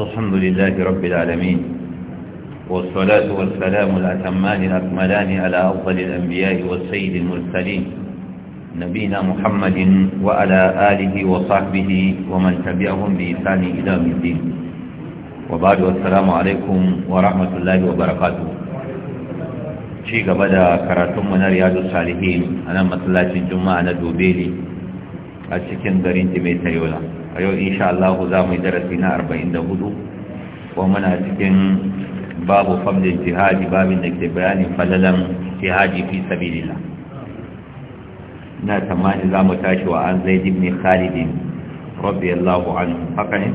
الحمد لله رب العالمين والصلاة والسلام الأتمان الأكملان على أفضل الأنبياء والسيد المرسلين نبينا محمد وعلى آله وصحبه ومن تبعهم بإحسان إلى يوم الدين وبعد والسلام عليكم ورحمة الله وبركاته شيء قبل كراتم من رياض الصالحين أنا مثلات الجمعة ندوبيلي أشكين دارين تميت يولا a yau insha Allah za mu yi darasi na 44 kuma muna cikin babu fadlin jihadi babin da ke bayanin falalan jihadi fi sabilillah na tamani za mu tashi wa an zaid ibn khalid radiyallahu anhu haka ne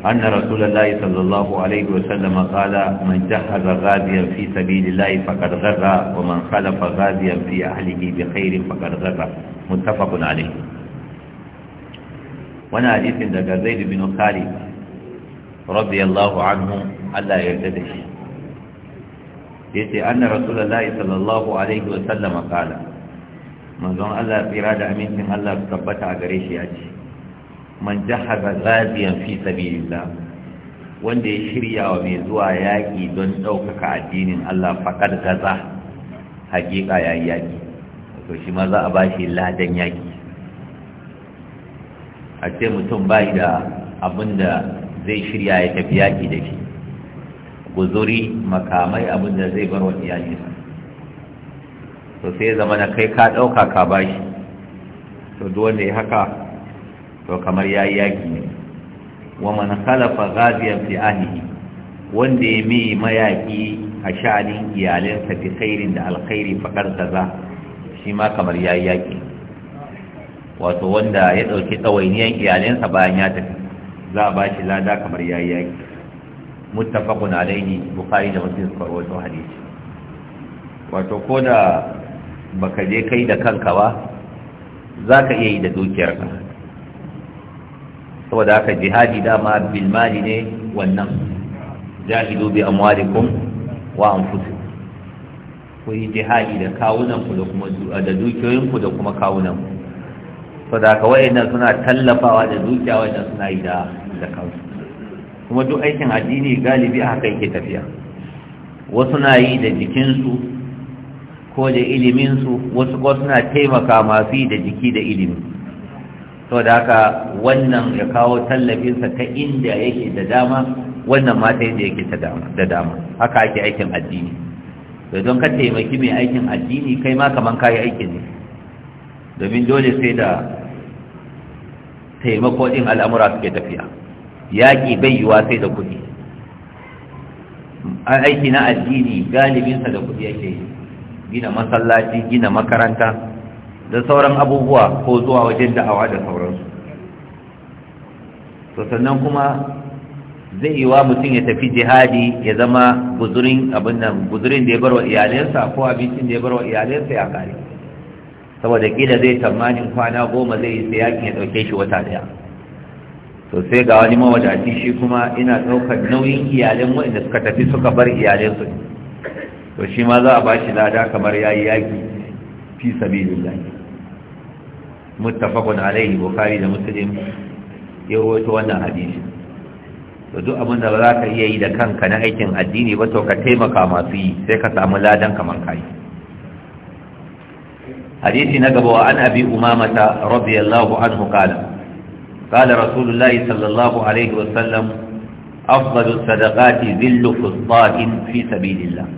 أن رسول sallallahu alaihi الله عليه وسلم قال من جهز غازيا في سبيل الله فقد غزا ومن خلف غازيا في أهله بخير فقد غزا متفق wani hadisin daga Zaidu bin khalid radiyallahu anhu Allah ya yarda da shi yace anna rasulullahi sallallahu alaihi wa sallam qala manzon Allah tsira da amincin Allah su tabbata a gare shi ya ce man jahaza ghaziyan fi sabilillah wanda ya shirya wa mai zuwa yaƙi don ɗaukaka addinin Allah faƙar gaza haƙiƙa ya yaƙi to shi ma za a ba shi ladan yaƙi a ce mutum bai da abin da zai shirya ya tafi yaƙi da shi guzuri makamai abin da zai bar wa sa to sai zama na kai ka ɗauka ka ba shi to wanda ya haka to kamar ya yi yaƙi ne wa mana khalafa ghaziyar fi ahlihi wanda ya mai mayaƙi a sha'anin iyalinsa fi khairin da alkhairi faƙar kaza shi ma kamar ya yi yaƙi wato wanda ya ɗauki tsawainiyar iyalinsa bayan ya tafi za a ba shi lada kamar ya yi yaƙi muttafaqun alaihi bukhari da muslim suka wasu hadisi wato ko da baka je kai da kanka ba za ka iya yi da dukiyarka saboda haka jihadi dama bil mali ne wannan jahidu bi amwalikum wa anfusikum ku yi jihadi da kawunanku da kuma da dukiyoyinku da kuma kawunanku sadaka wayannan suna tallafawa da dukiya wayannan suna yi da da kansu kuma duk aikin addini galibi a haka yake tafiya wasu na yi da jikinsu ko da iliminsu wasu ko suna taimaka masu da jiki da ilimi to da haka wannan ya kawo tallafinsa ta inda yake da dama wannan ma ta inda yake da dama haka ake aikin addini Sai don ka taimaki mai aikin addini kai ma kaman kayi aikin ne domin dole sai da taimako ɗin al'amura suke tafiya yaƙi bai yiwuwa sai da kuɗi aiki na addini galibinsa da kuɗi yake gina masallaci gina makaranta da sauran abubuwa ko zuwa wajen da'awa da sauransu to sannan kuma zai yiwa mutum ya tafi jihadi ya zama guzurin abin nan guzurin da ya barwa iyalinsa ko abincin da ya barwa iyalinsa ya kare saboda kila zai tamanin kwana goma zai yi sai yakin ya dauke shi wata daya to sai ga wani mawadaci shi kuma ina daukar nauyin iyalan suka tafi suka bar iyalan su to shi ma za a ba shi lada kamar yayi yaki fi sabilillah muttafaqun alaihi bukhari da muslim ya rawaito wannan hadisi to duk abin da ba za ka iya yi da kanka na aikin addini ba to ka taimaka masu yi sai ka samu ladan kamar kai hadisi na gaba wa an abi umamata radiyallahu anhu qala qala rasulullahi sallallahu alaihi wasallam afdalu sadaqati dhillu fustahin fi sabilillah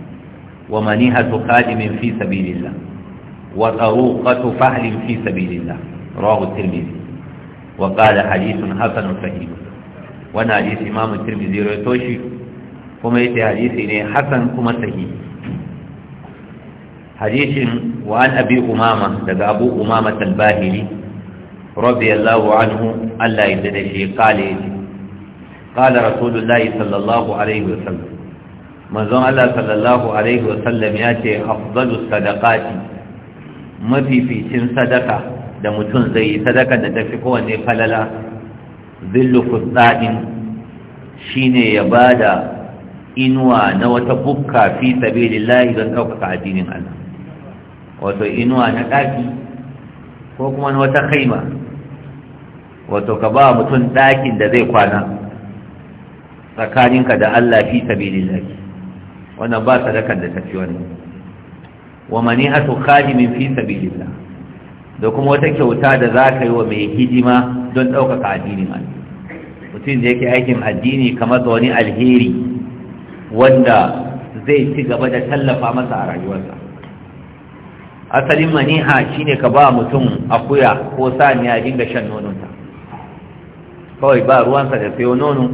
wa manihatu khadimin fi sabilillah wa taruqatu fahlin fi sabilillah rawahu at-tirmidhi wa qala hadithun hasanun sahih hadisi imamu tirmidhi kuma yace hadisi ne hasan kuma sahih hadisin wa an umama daga abu umama talbahiri radiyallahu anhu Allah ya dade shi kale kala rasulullahi sallallahu alaihi wasallam manzon Allah sallallahu alaihi wasallam ya ce afdalus sadaqati mafificin sadaka da mutum zai yi sadaka da tafi kowanne falala zillu fustaɗin shine ya da inuwa na wata bukka fi sabilillahi don ɗaukaka addinin Allah wato inuwa na ɗaki ko kuma wata kaima wato ka ba mutum ɗakin da zai kwana tsakaninka da Allah fi sabilillahi wannan ba sadakan da tafi wannan wa mani'atu khadimin fi sabilillah da kuma wata kyauta da za ka yi wa mai hidima don ɗaukaka addinin Allah mutum da yake aikin addini kamar da wani alheri wanda zai ci gaba da tallafa masa a rayuwarsa asalin maniha shine ka ba mutum akuya ko saniya dinga shan nononta kawai ba ruwansa da sayo nono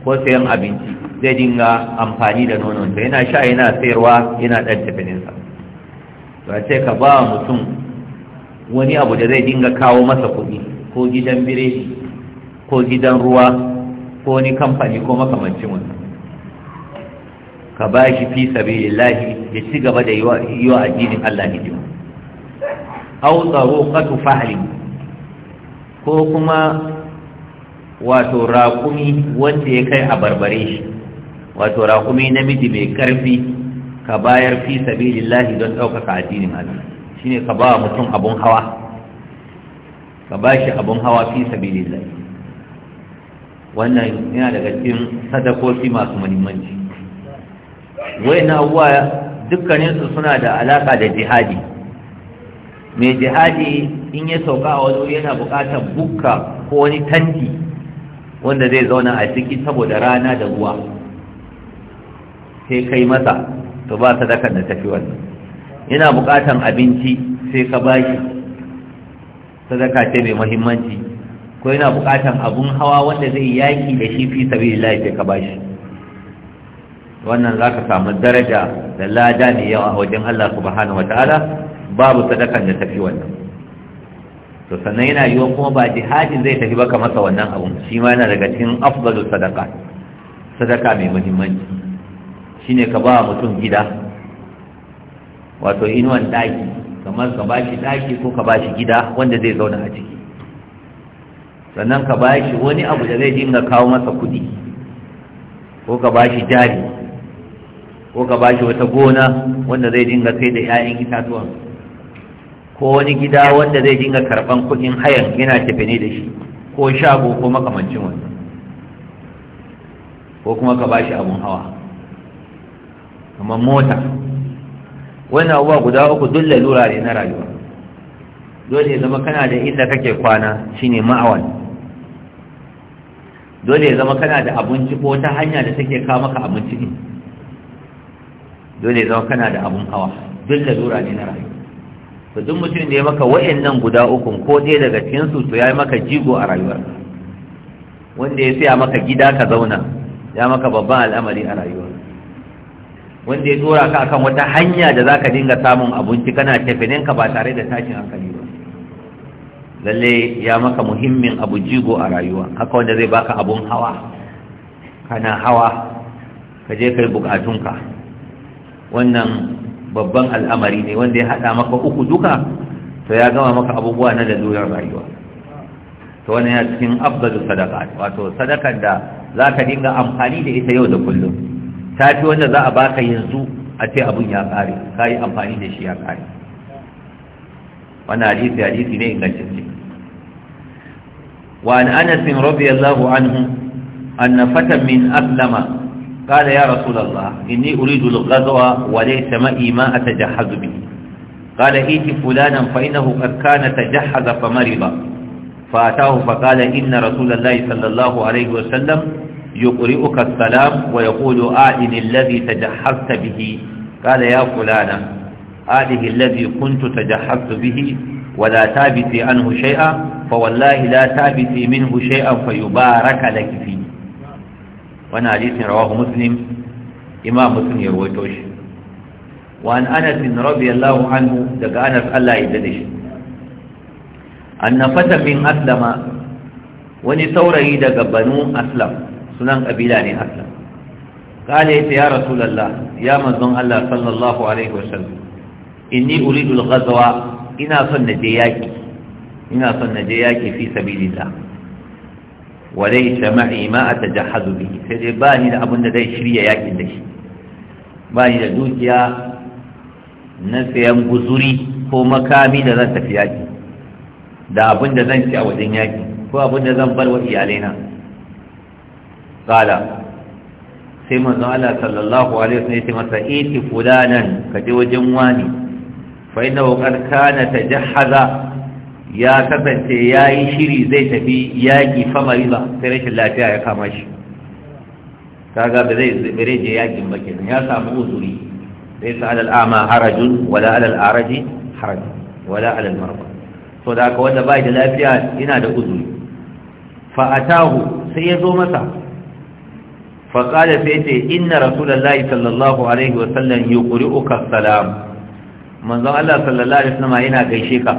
ko sayan abinci zai dinga amfani da nononta yana sha yana sayarwa yana ɗan tafininsa to ce ka ba mutum wani abu da zai dinga kawo masa kuɗi ko gidan biredi ko gidan ruwa ko wani kamfani ko makamancin wannan ka ba shi fi sabilillahi ya ci gaba da yi wa addinin Allah hidima aw tsaruqatu fahli ko kuma wato raƙumi wanda ya kai a barbare shi wato raƙumi namiji mai ƙarfi ka bayar fi sabilillahi don ɗaukaka addinin Allah shine ka ba mutum abun hawa ka ba shi abun hawa fi sabilillahi wannan yana daga cikin sadakoki masu muhimmanci na abuwa dukkaninsu suna da alaka da jihadi mai jihadi in ya sauka a wani yana bukatar bukka ko wani tanti wanda zai zauna a ciki saboda rana da ruwa sai kai masa to ba sadakar da tafi wannan yana bukatan abinci sai ka bashi sadaka ce mai muhimmanci ko yana bukatan abun hawa wanda zai yaki da shi fi sabilillah sai ka bashi wannan za ka samu daraja da lada ne yawa wajen Allah subhanahu ta'ala babu sadakan da tafi wannan to sannan yana yiwuwa kuma ba jihadin zai tafi baka masa wannan abun shi ma yana daga cikin afdalu sadaka sadaka mai muhimmanci shine ka ba mutum gida wato inuwan daki kamar ka bashi daki ko ka bashi gida wanda zai zauna a ciki sannan ka bashi wani abu da zai dinga kawo masa kuɗi ko ka bashi jari ko ka bashi wata gona wanda zai dinga kai da 'ya'yan itatuwan ko wani gida wanda zai dinga karban kuɗin hayan yana tafi ne da shi ko shago ko makamancin wani ko kuma ka bashi abun hawa kamar mota wannan abubuwa guda uku duk lalura ne na rayuwa dole ya zama kana da inda kake kwana shine ma'awan dole ya zama kana da abinci ko ta hanya da take kawo maka abinci ne dole zama kana da abun hawa duk zura ne na rayuwa to duk mutum da ya maka wa'annan guda ukun ko ɗaya daga cikin to ya yi maka jigo a rayuwar wanda ya siya maka gida ka zauna ya maka babban al'amari a rayuwar wanda ya dora ka akan wata hanya da zaka dinga samun abinci kana tafinin ka ba tare da tashin hankali ba lalle ya maka muhimmin abu jigo a rayuwa haka wanda zai baka abun hawa kana hawa ka je kai bukatunka wannan babban al'amari ne wanda ya haɗa maka uku duka to ya gama maka abubuwa na lalurar rayuwa to wannan ya cikin afdalu sadaka wato sadakar da za ka dinga amfani da ita yau da kullum ta fi wanda za a baka yanzu a ce abun ya ƙare ka yi amfani da shi ya ƙare wannan hadisi hadisi ne ingantacce wa an anas radiyallahu anhu anna fatan min aslama قال يا رسول الله إني أريد الغزوة وليس معي ما أتجهز به قال إيت فلانا فإنه قد كان تجهز فمرض فأتاه فقال إن رسول الله صلى الله عليه وسلم يقرئك السلام ويقول آئن الذي تجهزت به قال يا فلانا آله الذي كنت تجهزت به ولا تابتي عنه شيئا فوالله لا تابتي منه شيئا فيبارك لك فيه wannan hadisin rawahu muslim imam muslim ya rawaito shi wa an anas radiyallahu anhu daga anas Allah ya yarda da shi anna fata min aslama wani saurayi daga banu aslam sunan kabila ne aslam kale yace ya rasulullah ya manzon Allah sallallahu alaihi wasallam inni uridu al-ghazwa ina son na je yaki ina son na je yaki fi sabilillah wadai shama'i ma a tajahazu bi sai dai ba ni da abin da zai shirya yakin da shi ba ni da dukiya na sayan guzuri ko makami da zan tafi yaki da abin da zan ci a wajen yaki ko abin da zan bar wa iyalaina qala sai mun manzo Allah sallallahu alaihi wasallam ya ce masa iti fulanan ka je wajen wani fa inna wa kana tajahaza ya kasance ya yi shiri zai tafi yaƙi famari ba sai rashin lafiya ya kama shi kaga ba zai zubere je yaƙin ba kenan ya samu uzuri zai sa alal ama harajun wala alal araji haraj wala alal marba so da aka wanda bai da lafiya ina da uzuri fa atahu sai ya zo masa fa qala sai ce inna rasulullahi sallallahu alaihi wa sallam yuqri'uka salam manzon Allah sallallahu alaihi wa wasallam yana gaishe ka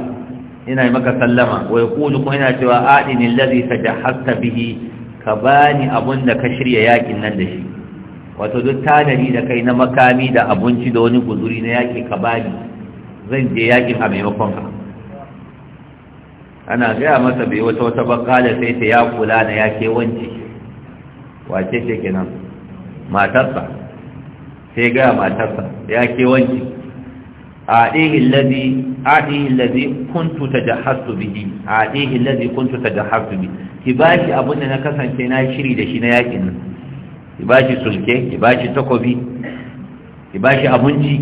ina yi maka sallama wa yaqulu kuma ina cewa adini ta haska bihi ka bani abun da ka shirya yakin nan da shi wato duk tanadi da kai na makami da abinci da wani guzuri na yaki ka bani zan je yakin a maimakon ka ana gaya masa bai wata wata bakala sai ta ya kula na ya wanci, wace ce kenan matarsa sai gaya matarsa ya wanci. أعطيه الذي أعطيه الذي كنت تجهزت به أعطيه الذي كنت تجهزت به كباشي أبونا نكسا كنا شري دشنا يكن كباشي سلكي كباشي تقبي كباشي أبونجي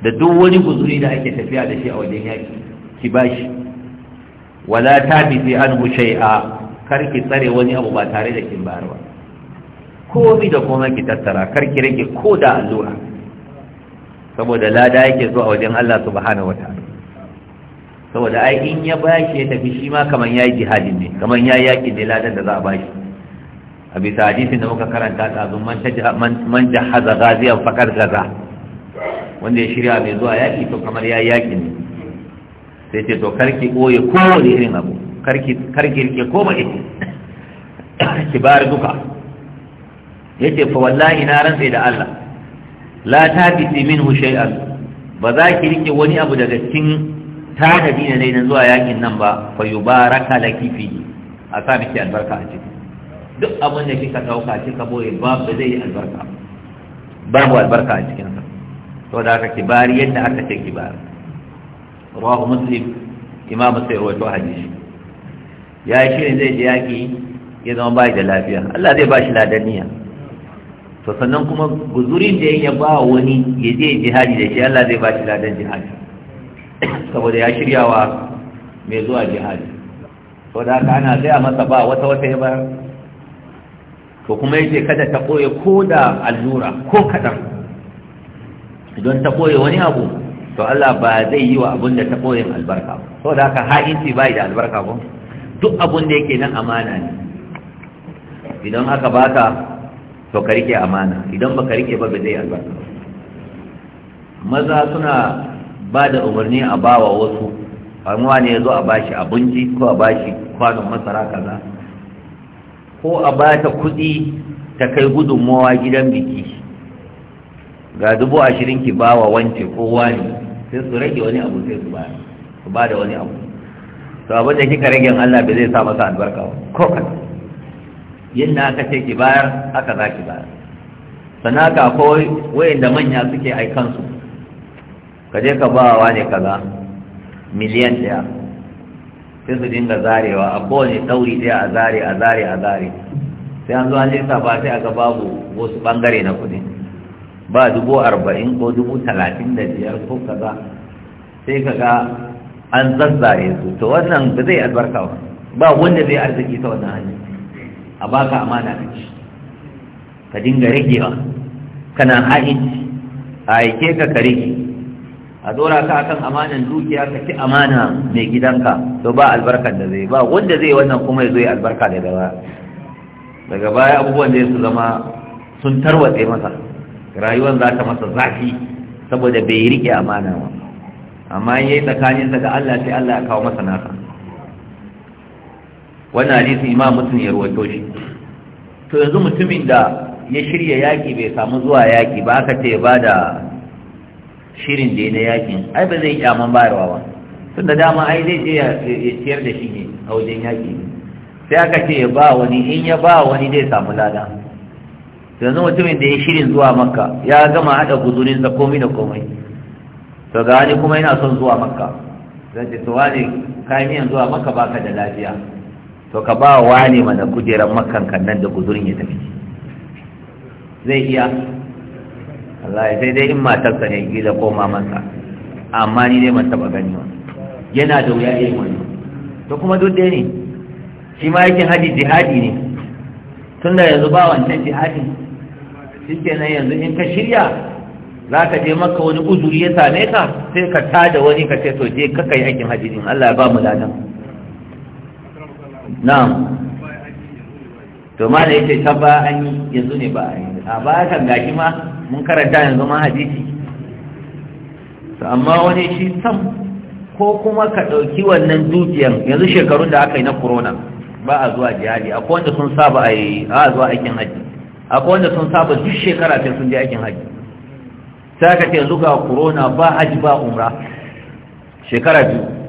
da duk wani guzuri da ake tafiya da shi a wajen yaki ki bashi wala tabiti anhu shay'a kar ki tsare wani abu ba tare da kin bayar ko komai da komai ki tattara kar ki rage ko da allura saboda lada yake zuwa wajen Allah subhanahu ta'ala saboda ai in ya bashi ya tafi shi ma kaman yayi jihadin ne kaman yayi yaki ne ladan da za a bashi a bisa hadisin da muka karanta tsazun man jahaza ghaziyan fakar gaza wanda ya shirya mai zuwa yaki to kamar yayi yaki ne sai ce to karki boye wani irin abu karki karki rike koma ki kibar duka yace fa wallahi na rantsa da Allah la tabiti minhu shay'an ba za ki rike wani abu daga cikin tanadi na dai na zuwa yakin nan ba fa yubaraka laki fi a sa miki albarka a ciki duk abin da kika ɗauka kika boye ba ba zai yi albarka babu albarka a cikin sa to da haka kibari yadda aka ce kibari rawahu muslim imam sai rawaito hadisi ya yi shirin zai je yaki ya zama bai da lafiya Allah zai ba shi ladaniya to sannan kuma guzurin da ya ba wani ya je jihadi da shi Allah zai ba shi ladan jihadi saboda ya shiryawa mai zuwa jihadi to da haka ana gaya masa ba wata wata ya bayar to kuma yace kada ta koye ko da allura ko kadan idan ta koye wani abu to Allah ba zai yi wa abun da ta koye albarka ba to da haka ha'inci bai da albarka ba duk abun da yake nan amana ne idan aka baka to ka rike amana idan ba ka rike ba zai albarka maza suna ba da umarni a bawa wasu amma ne zo a bashi abinci ko a bashi kwanon masara kaza ko a ba ta kudi ta kai gudunmawa gidan biki ga dubu ashirin ki bawa wance ko wani sai su rage wani abu sai su bayar su ba da wani abu to abin da kika rage Allah bai zai sa masa albarka ba ko kaɗan yadda aka ce ki bayar aka za ki bayar sana ka akwai da manya suke aikansu ka je ka ba wa ne kaza miliyan daya sai su dinga zarewa a kowane ɗauri daya a zare a zare a zare sai an zo an lisa ba sai aka babu wasu ɓangare na kuɗi ba dubu arba'in ko dubu talatin da biyar ko kaza sai ka ga an zazzare su to wannan ba zai albarka ba wanda zai arziki ta wannan hanyar a baka amana ka ci ka dinga rigewa kana aiki, a aike ka ka rige a dora ka akan amanan dukiya ka ci amana mai gidanka to ba albarkar da zai ba wanda zai wannan kuma ya zo albarka da gaba daga baya abubuwan da su zama sun tarwatse masa rayuwar za ta masa zafi saboda bai rike amana ba amma yayi tsakaninsa da Allah sai Allah ya kawo masa nasa wannan hadisin imam mutum ya rawaito shi to yanzu mutumin da ya shirya yaki bai samu zuwa yaki ba aka ce ba da shirin da na yakin ai ba zai kyaman bayarwa ba tun da dama ai zai je ya ciyar da shi ne a wajen yaki sai aka ce ya ba wani in ya ba wani zai samu lada yanzu mutumin da ya shirin zuwa makka ya gama haɗa da komai da komai to ga wani kuma yana son zuwa makka zai ce to wani kayan zuwa makka baka da lafiya to ka ba wa ne mana kujeran makankan nan da guzurin ya tafi zai iya Allah sai dai in matarsa ne gida ko mamansa amma ni dai ban taɓa gani ba yana da wuya irin wannan to kuma duk ɗaya ne shi ma yake hadi jihadi ne tun da yanzu ba wannan jihadin shi nan yanzu in ka shirya za ka je maka wani uzuri ya same ka sai ka tada wani ka ce to je kaka yi aikin hadi din Allah ya ba mu ladan na'am to ma da yake ta ba an yi yanzu ne ba a ba kan gashi ma mun karanta yanzu ma hadisi to amma wani shi sam ko kuma ka ɗauki wannan dukiyan yanzu shekarun da aka yi na corona ba a zuwa jihadi akwai wanda sun saba a yi a zuwa aikin haji akwai wanda sun saba duk shekara sai sun je aikin haji sai aka ce yanzu ga corona ba haji ba umra shekara biyu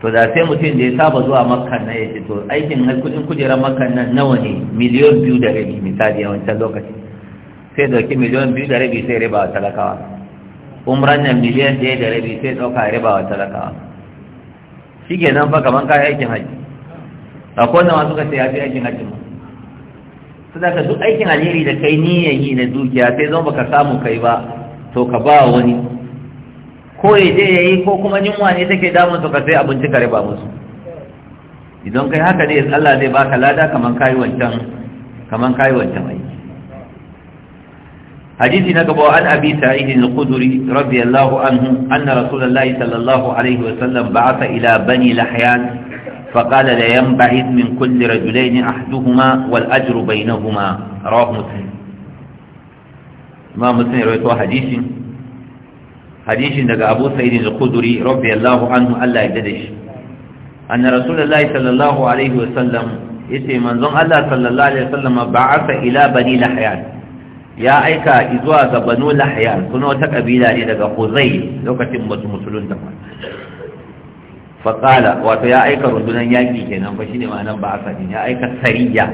to da sai mutum da ya saba zuwa makkan na ya ce to aikin kudin kujerar makkan nan nawa ne miliyon biyu da rabi misali a wancan lokaci sai dauki miliyon biyu da rabi sai riba wa talakawa umran nan miliyan ɗaya da rabi sai ɗauka riba wa talakawa shi ke nan fa kamar kayan aikin hajji a kowane masu ka ce ya fi aikin hajji ma ka duk aikin alheri da kai niyan yi na dukiya sai zan baka samu kai ba to ka ba wani ko ya ya yi ko kuma yunwa ne take damun su ka sai abinci ka riba musu idan kai haka ne Allah zai baka lada kaman kai wancan kaman kai wancan aiki hadisi na gaba an abi sa'id al-khudri radiyallahu anhu anna rasulullahi sallallahu alaihi wa sallam ba'atha ila bani lahyan فقال لا ينبعث من كل رجلين أحدهما والأجر بينهما رواه مسلم ما مسلم رويته حديث hadisin daga abu sa'idin al-khudri radiyallahu anhu Allah ya dade shi anna rasulullahi sallallahu alaihi wa sallam yace manzon Allah sallallahu alaihi wa sallam ba'atha ila bani lahyan ya aika izuwa ga banu lahyan kuma wata kabila ne daga khuzai lokacin musulun da fa qala wato ya aika rundunan yaki kenan fa shine ma'anar ba'atha din ya aika sariya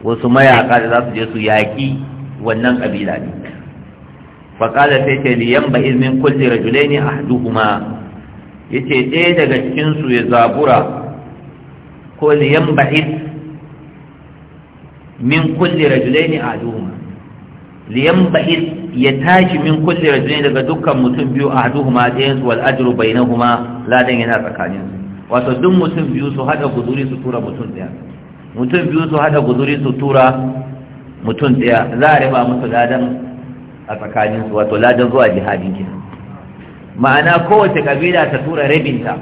wasu mayaka da za su je su yaki wannan kabila ne faƙala sai ce liyan ba izmin kulli rajulai ne a haduhuma ya ce ɗaya daga cikinsu ya zabura ko liyan ba iz min kulli rajulai ne a haduhuma liyan ba iz ya tashi min kulli rajulai daga dukkan mutum biyu a haduhuma ɗayansu wal ajru bainahuma ladan yana su. wato duk mutum biyu su haɗa guduri su tura mutum ɗaya mutum biyu su haɗa guduri su tura mutum ɗaya za a riba musu ladan a tsakaninsu wato ladan zuwa jihadin kisa ma'ana kowace kabila ta tura rabinta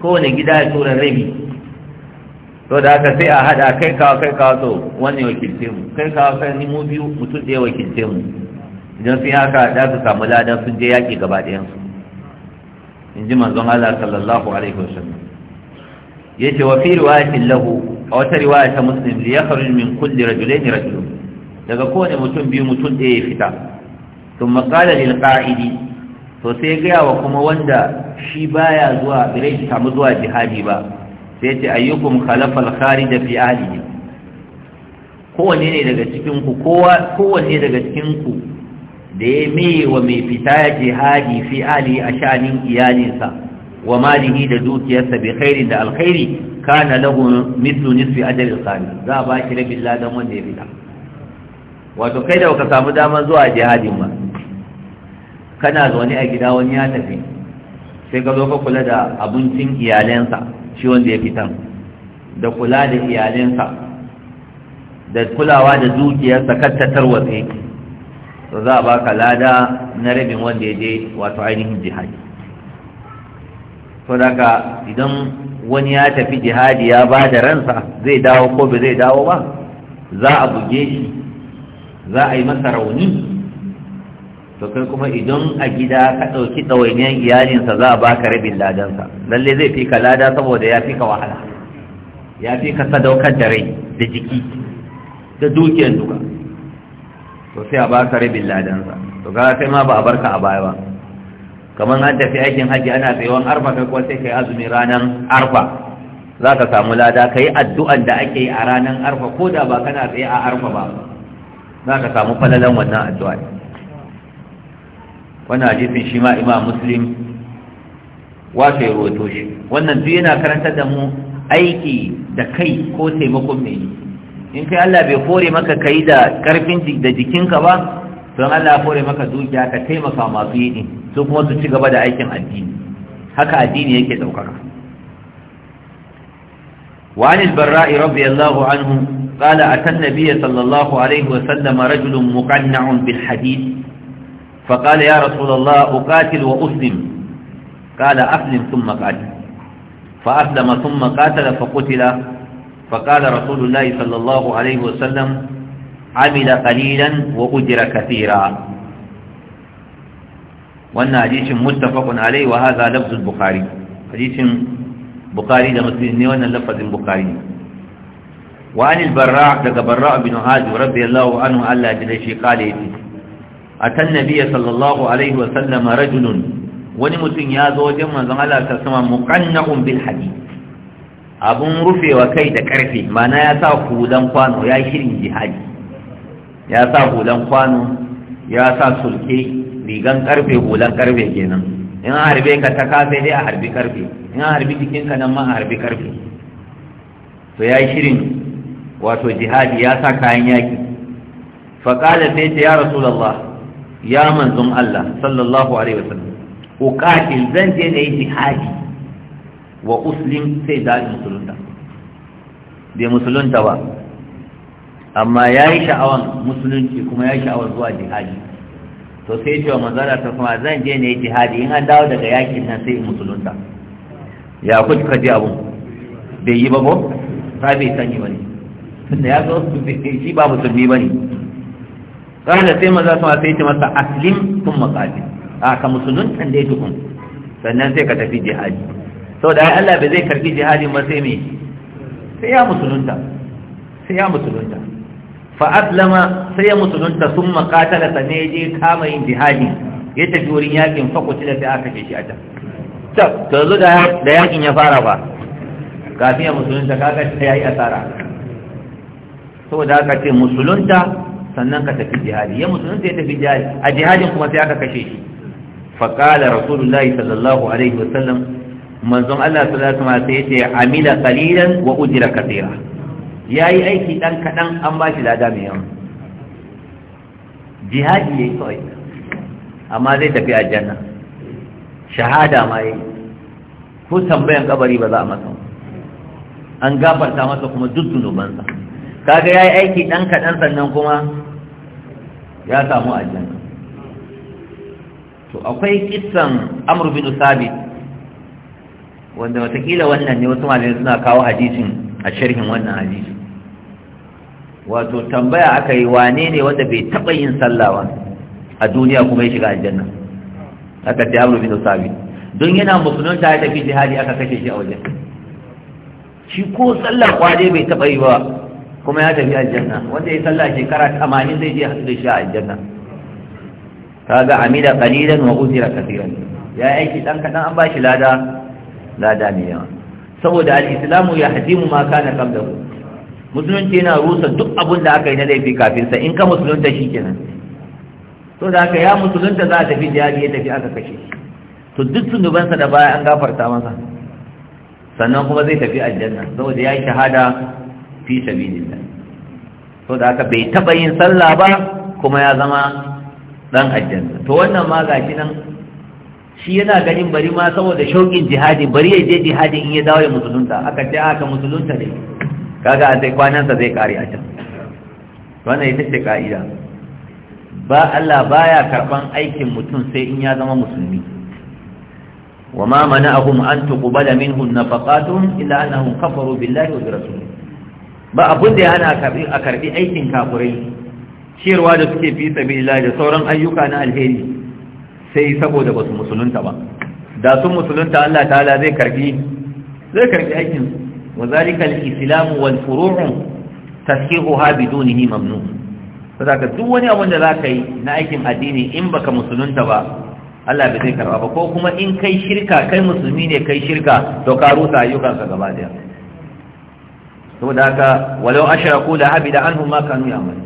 kowane gida ya tura rabi to da aka sai a haɗa kai kawo kai kawo to wannan wakilce mu kai kawo kai ni mu biyu mutum ɗaya wakilce mu idan sun haka za su samu ladan sun je yaƙi gaba ɗayansu in ji manzon Allah sallallahu alaihi wasallam yace wa fi riwayatin lahu a wata riwaya ta muslim li yakhruj min kulli rajulayn rajulun daga kowane mutum biyu mutum ɗaya ya fita sun makala lil ƙa'idi to sai gaya wa kuma wanda shi baya zuwa birai shi samu zuwa jihadi ba sai ce ayyukum khalafal kharij fi ahlihi kowanne ne daga cikin ku kowa kowanne daga cikin ku da ya mai wa mai fita jihadi fi ali a shanin iyalinsa wa malihi da dukiyarsa bi khairi da alkhairi kana lahu mithlu nisfi ajri al za ba shi rabbil ladan wanda ya fita wato kai da baka samu damar zuwa jihadin ba kana zaune a gida wani ya tafi sai ka zo ka kula da abincin iyalensa shi wanda ya fitan da kula da iyalensa da kulawa da dukiyarsa kattatar ta to za a baka lada na rabin wanda ya je wato ainihin jihadi to daga idan wani ya tafi jihadi ya ba da ransa zai dawo ko ba zai dawo ba za a buge shi za a yi masa rauni to kai kuma idan a gida ka ɗauki ɗawainiyar iyalinsa za a baka rabin ladansa lalle zai fi ka lada saboda ya fi ka wahala ya fi ka sadaukar da rai da jiki da dukiyar duka to sai a baka rabin ladansa to ga sai ma ba a barka a baya ba kamar an tafi aikin haji ana tsayuwan arfa kai kuwa sai kai azumi ranar arfa za ka samu lada ka yi addu'an da ake yi a ranar arfa ko da ba kana tsaye a arfa ba za ka samu falalan wannan addu'a wannan hadisin shi ma imam muslim wa ya roto shi wannan duk yana karantar da mu aiki da kai ko taimakon mai in kai Allah bai kore maka kai da karfin da jikinka ba don Allah ya kore maka dukiya ka taimaka masu yi din su kuma su ci gaba da aikin addini haka addini yake ɗaukaka. وعن barra'i, رضي الله عنه قال أتى النبي صلى الله عليه وسلم رجل مقنع بالحديث فقال يا رسول الله أقاتل وأسلم قال أسلم ثم قاتل فأسلم ثم قاتل فقتل فقال رسول الله صلى الله عليه وسلم عمل قليلا وأجر كثيرا وأن حديث متفق عليه وهذا لفظ البخاري حديث بخاري ده مسلم وأن لفظ البخاري وعن البراء دغ براء بن هازم رضي الله عنه الله جل قال يتي اتى النبي صلى الله عليه وسلم رجل wani mutum ya zo wajen manzon Allah ta sama muqanna'un bil hadid abun rufewa kai da karfe mana ya sa hulan kwano ya shirin jihadi ya sa hulan kwano ya sa sulke rigan karfe hulan karfe kenan in harbe ka ta kafe a harbi karfe in harbi jikinka nan ma a harbi to ya yi shirin wato jihadi ya sa kayan yaki faƙala sai ce ya rasulallah ya manzon Allah sallallahu alaihi wasallam uqatil zan je na yi jihadi wa uslim sai da musulunta bai musulunta ba amma ya yi sha'awan musulunci kuma ya yi sha'awar zuwa jihadi to sai ce wa manzara ta kuma zan je na yi jihadi in an dawo daga yakin nan sai musulunta ya kuka ji abun bai yi ba ko ba bai sani ba ne tunda ya zo su shi ba musulmi ba ne ƙala sai maza su sai ce masa aslim sun maƙafi a ka musulun can dai tukun sannan sai ka tafi jihadi sau da Allah bai zai karɓi jihadi ba sai me sai ya musulunta sai ya musulunta fa aslama sai ya musulunta sun makata da ya je kama yin jihadi ya tafi wurin yakin fa fakuci da sai aka kashe shi a can to zo da yakin ya fara ba kafin ya musulunta kaga ta yi asara saboda aka ce musulunta sannan ka tafi jihadi ya musulunta ya tafi jihadi a jihadin kuma sai aka kashe shi faƙala rasulullahi sallallahu alaihi wasallam manzon Allah sallallahu alaihi wasallam sai yace amila qalilan wa ujira katira yayi aiki dan kadan an ba shi lada mai yawa jihadi yayi kawai amma zai tafi aljanna shahada ma yayi ko tambayan kabari ba za a masa an gafarta masa kuma duk zunubansa kaga yayi aiki dan kadan sannan kuma ya samu aljanna to akwai kissan amr bin sabit wanda watakila wannan ne wasu malamai suna kawo hadisin a sharhin wannan hadisi wato tambaya aka yi wane ne wanda bai taɓa yin sallawa a duniya kuma ya shiga aljanna aka ce amru bin sabit don yana musulun ta tafi jihadi aka kashe shi a wajen shi ko sallar kwade bai taɓa yi ba kuma ya tafi aljanna wanda ya sallah shekara 80 zai je hadu da shi a aljanna kaga amila qalilan wa uzira kathiran ya aiki dan kadan an bashi lada lada ne yawa saboda al-islamu yahdimu ma kana qablahu musulunci yana rusa duk abin da aka yi na laifi kafin sa in ka musulunta shikenan to da aka ya musulunta za a tafi jihadi ya tafi aka kashe to duk sunubansa da baya an gafarta masa sannan kuma zai tafi aljanna saboda ya yi shahada fi sabilillah to da aka bai taba yin sallah ba kuma ya zama dan aljanna to wannan ma gashi nan shi yana ganin bari ma saboda shauƙin jihadi bari ya je jihadi in ya dawo ya musulunta aka ce aka musulunta ne kaga sai kwanansa zai kare a can wannan ita ce ka'ida ba Allah baya karban aikin mutum sai in ya zama musulmi وما منعهم أن تقبل منهم نفقاتهم إلا أنهم كفروا بالله وبرسوله ba abin da ya hana a karbi aikin kafurai ciyarwa da suke fi sabilillah da sauran ayyuka na alheri sai saboda ba su musulunta ba da sun musulunta Allah ta'ala zai karbi zai karbi aikin wa zalikal islamu islam wal furu' tashihuha bidunihi mamnu saboda duk wani abun da zaka yi na aikin addini in baka musulunta ba Allah bai zai karba ba ko kuma in kai shirka kai musulmi ne kai shirka to ka rusa ayyukanka gaba daya saboda haka walau ashraku la habida anhum ma kanu ya'malu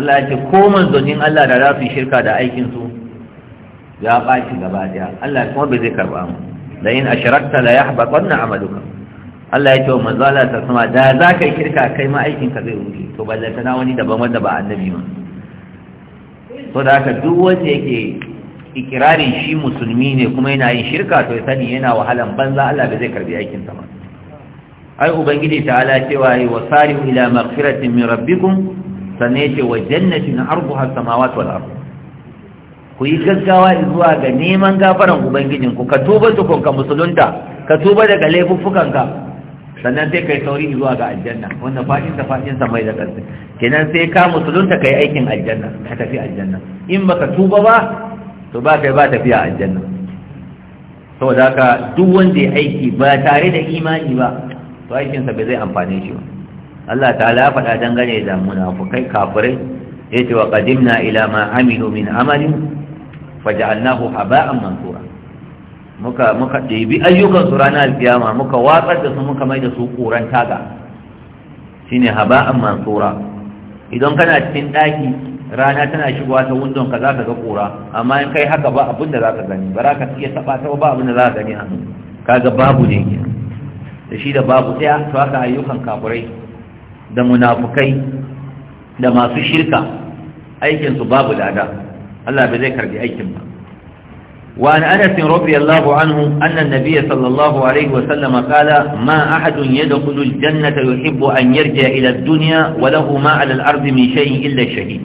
Allah ya ce ko manzonin Allah da za su shirka da aikin su ya baki gaba daya Allah kuma bai zai karba mu da in ashrakta la yahbatanna amaluka Allah ya ce wa manzo Allah ta sama da za ka shirka kai ma aikin ka zai rufe to ballanta na wani daban wanda ba annabi ba to da haka duk wanda yake ikirarin shi musulmi ne kuma yana yin shirka to ya sani yana wahalan banza Allah bai zai karbi aikin sa ba ai ubangiji ta'ala cewa yi wa sari'u ila maghfiratin min rabbikum sannan ce wa jannatin arduha samawati wal ardh ku yi gaggawa zuwa ga neman gafaran ubangijin ku ka tuba tukun ka musulunta ka tuba daga laifuffukan ka sannan sai kai sauri zuwa ga aljanna wanda fadin da fadin sa mai da kansa kenan sai ka musulunta kai aikin aljanna ka tafi aljanna in baka tuba ba to ba kai ba tafiya aljanna saboda haka duk wanda ya aiki ba tare da imani ba to aikinsa bai zai amfane shi ba Allah ta'ala ya faɗa dangane da munafukai kafirai yace wa qadimna ila ma amilu min amalin faj'alnahu haba'an mansura muka muka ɗebi ayyukan su ranar alkiyama muka watsar da su muka mai da su ƙuran taga shine haba'an mansura idan kana cikin ɗaki rana tana shigowa ta windon ka zaka ga ƙura amma in kai haka ba abin da zaka gani ba za ka iya taɓa ta ba abin da zaka gani a nan. kaga babu ne kenan da shi da babu daya to haka ayyukan kafurai da munafukai da masu shirka aikin babu lada Allah bai karbi aikin ba wa an anas radiyallahu anhu annan an-nabiy sallallahu alayhi wa sallam qala ma ahadun yadkhulu al-jannata yuhibbu an yarja ila ad-dunya wa lahu ma 'ala al-ardi min shay'in illa ash-shahid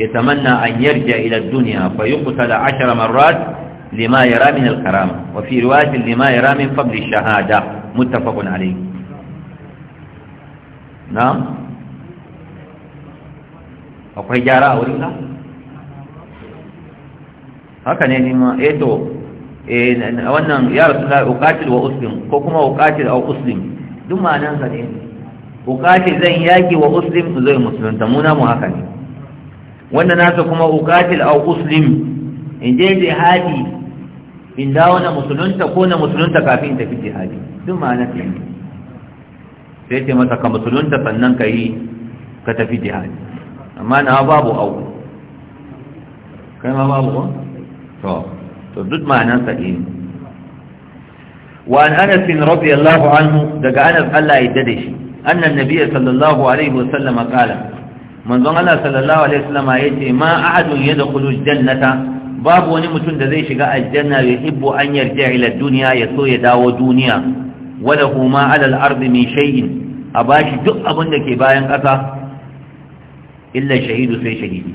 yatamanna an yarja ila ad-dunya fa yuqtala 10 lima yara min al-karama wa lima yara min fadl shahada muttafaqun alayhi na'am akwai gyara a wurin ka haka ne nima eto eh a eh, wannan ya su da ukatil wa uslim ko kuma ukatil a uslim duk ma'anan ka ne ukatil zan yaki wa uslim zai musulunta muna mu haka ne wanda nasa kuma ukatil a uslim in je jihadi in dawo na musulunta ko na musulunta kafin tafi jihadi duk ma'ana ta yi sai ce masa ka musulunta sannan ka yi ka tafi jihadi amma na babu au kai ma babu ba to to duk ma'anan sa ne wa an anas radiyallahu anhu daga anas Allah ya dade shi annan nabiy sallallahu alaihi wasallam qala manzon Allah sallallahu alaihi wasallam yace ma ahadun yadkhulu jannata babu wani mutum da zai shiga aljanna ya hibbu an yarja ila duniya ya so ya dawo duniya wala huma ala al-ardi min shay'in a bashi duk abin da ke bayan ƙasa illa shahidu sai shahidi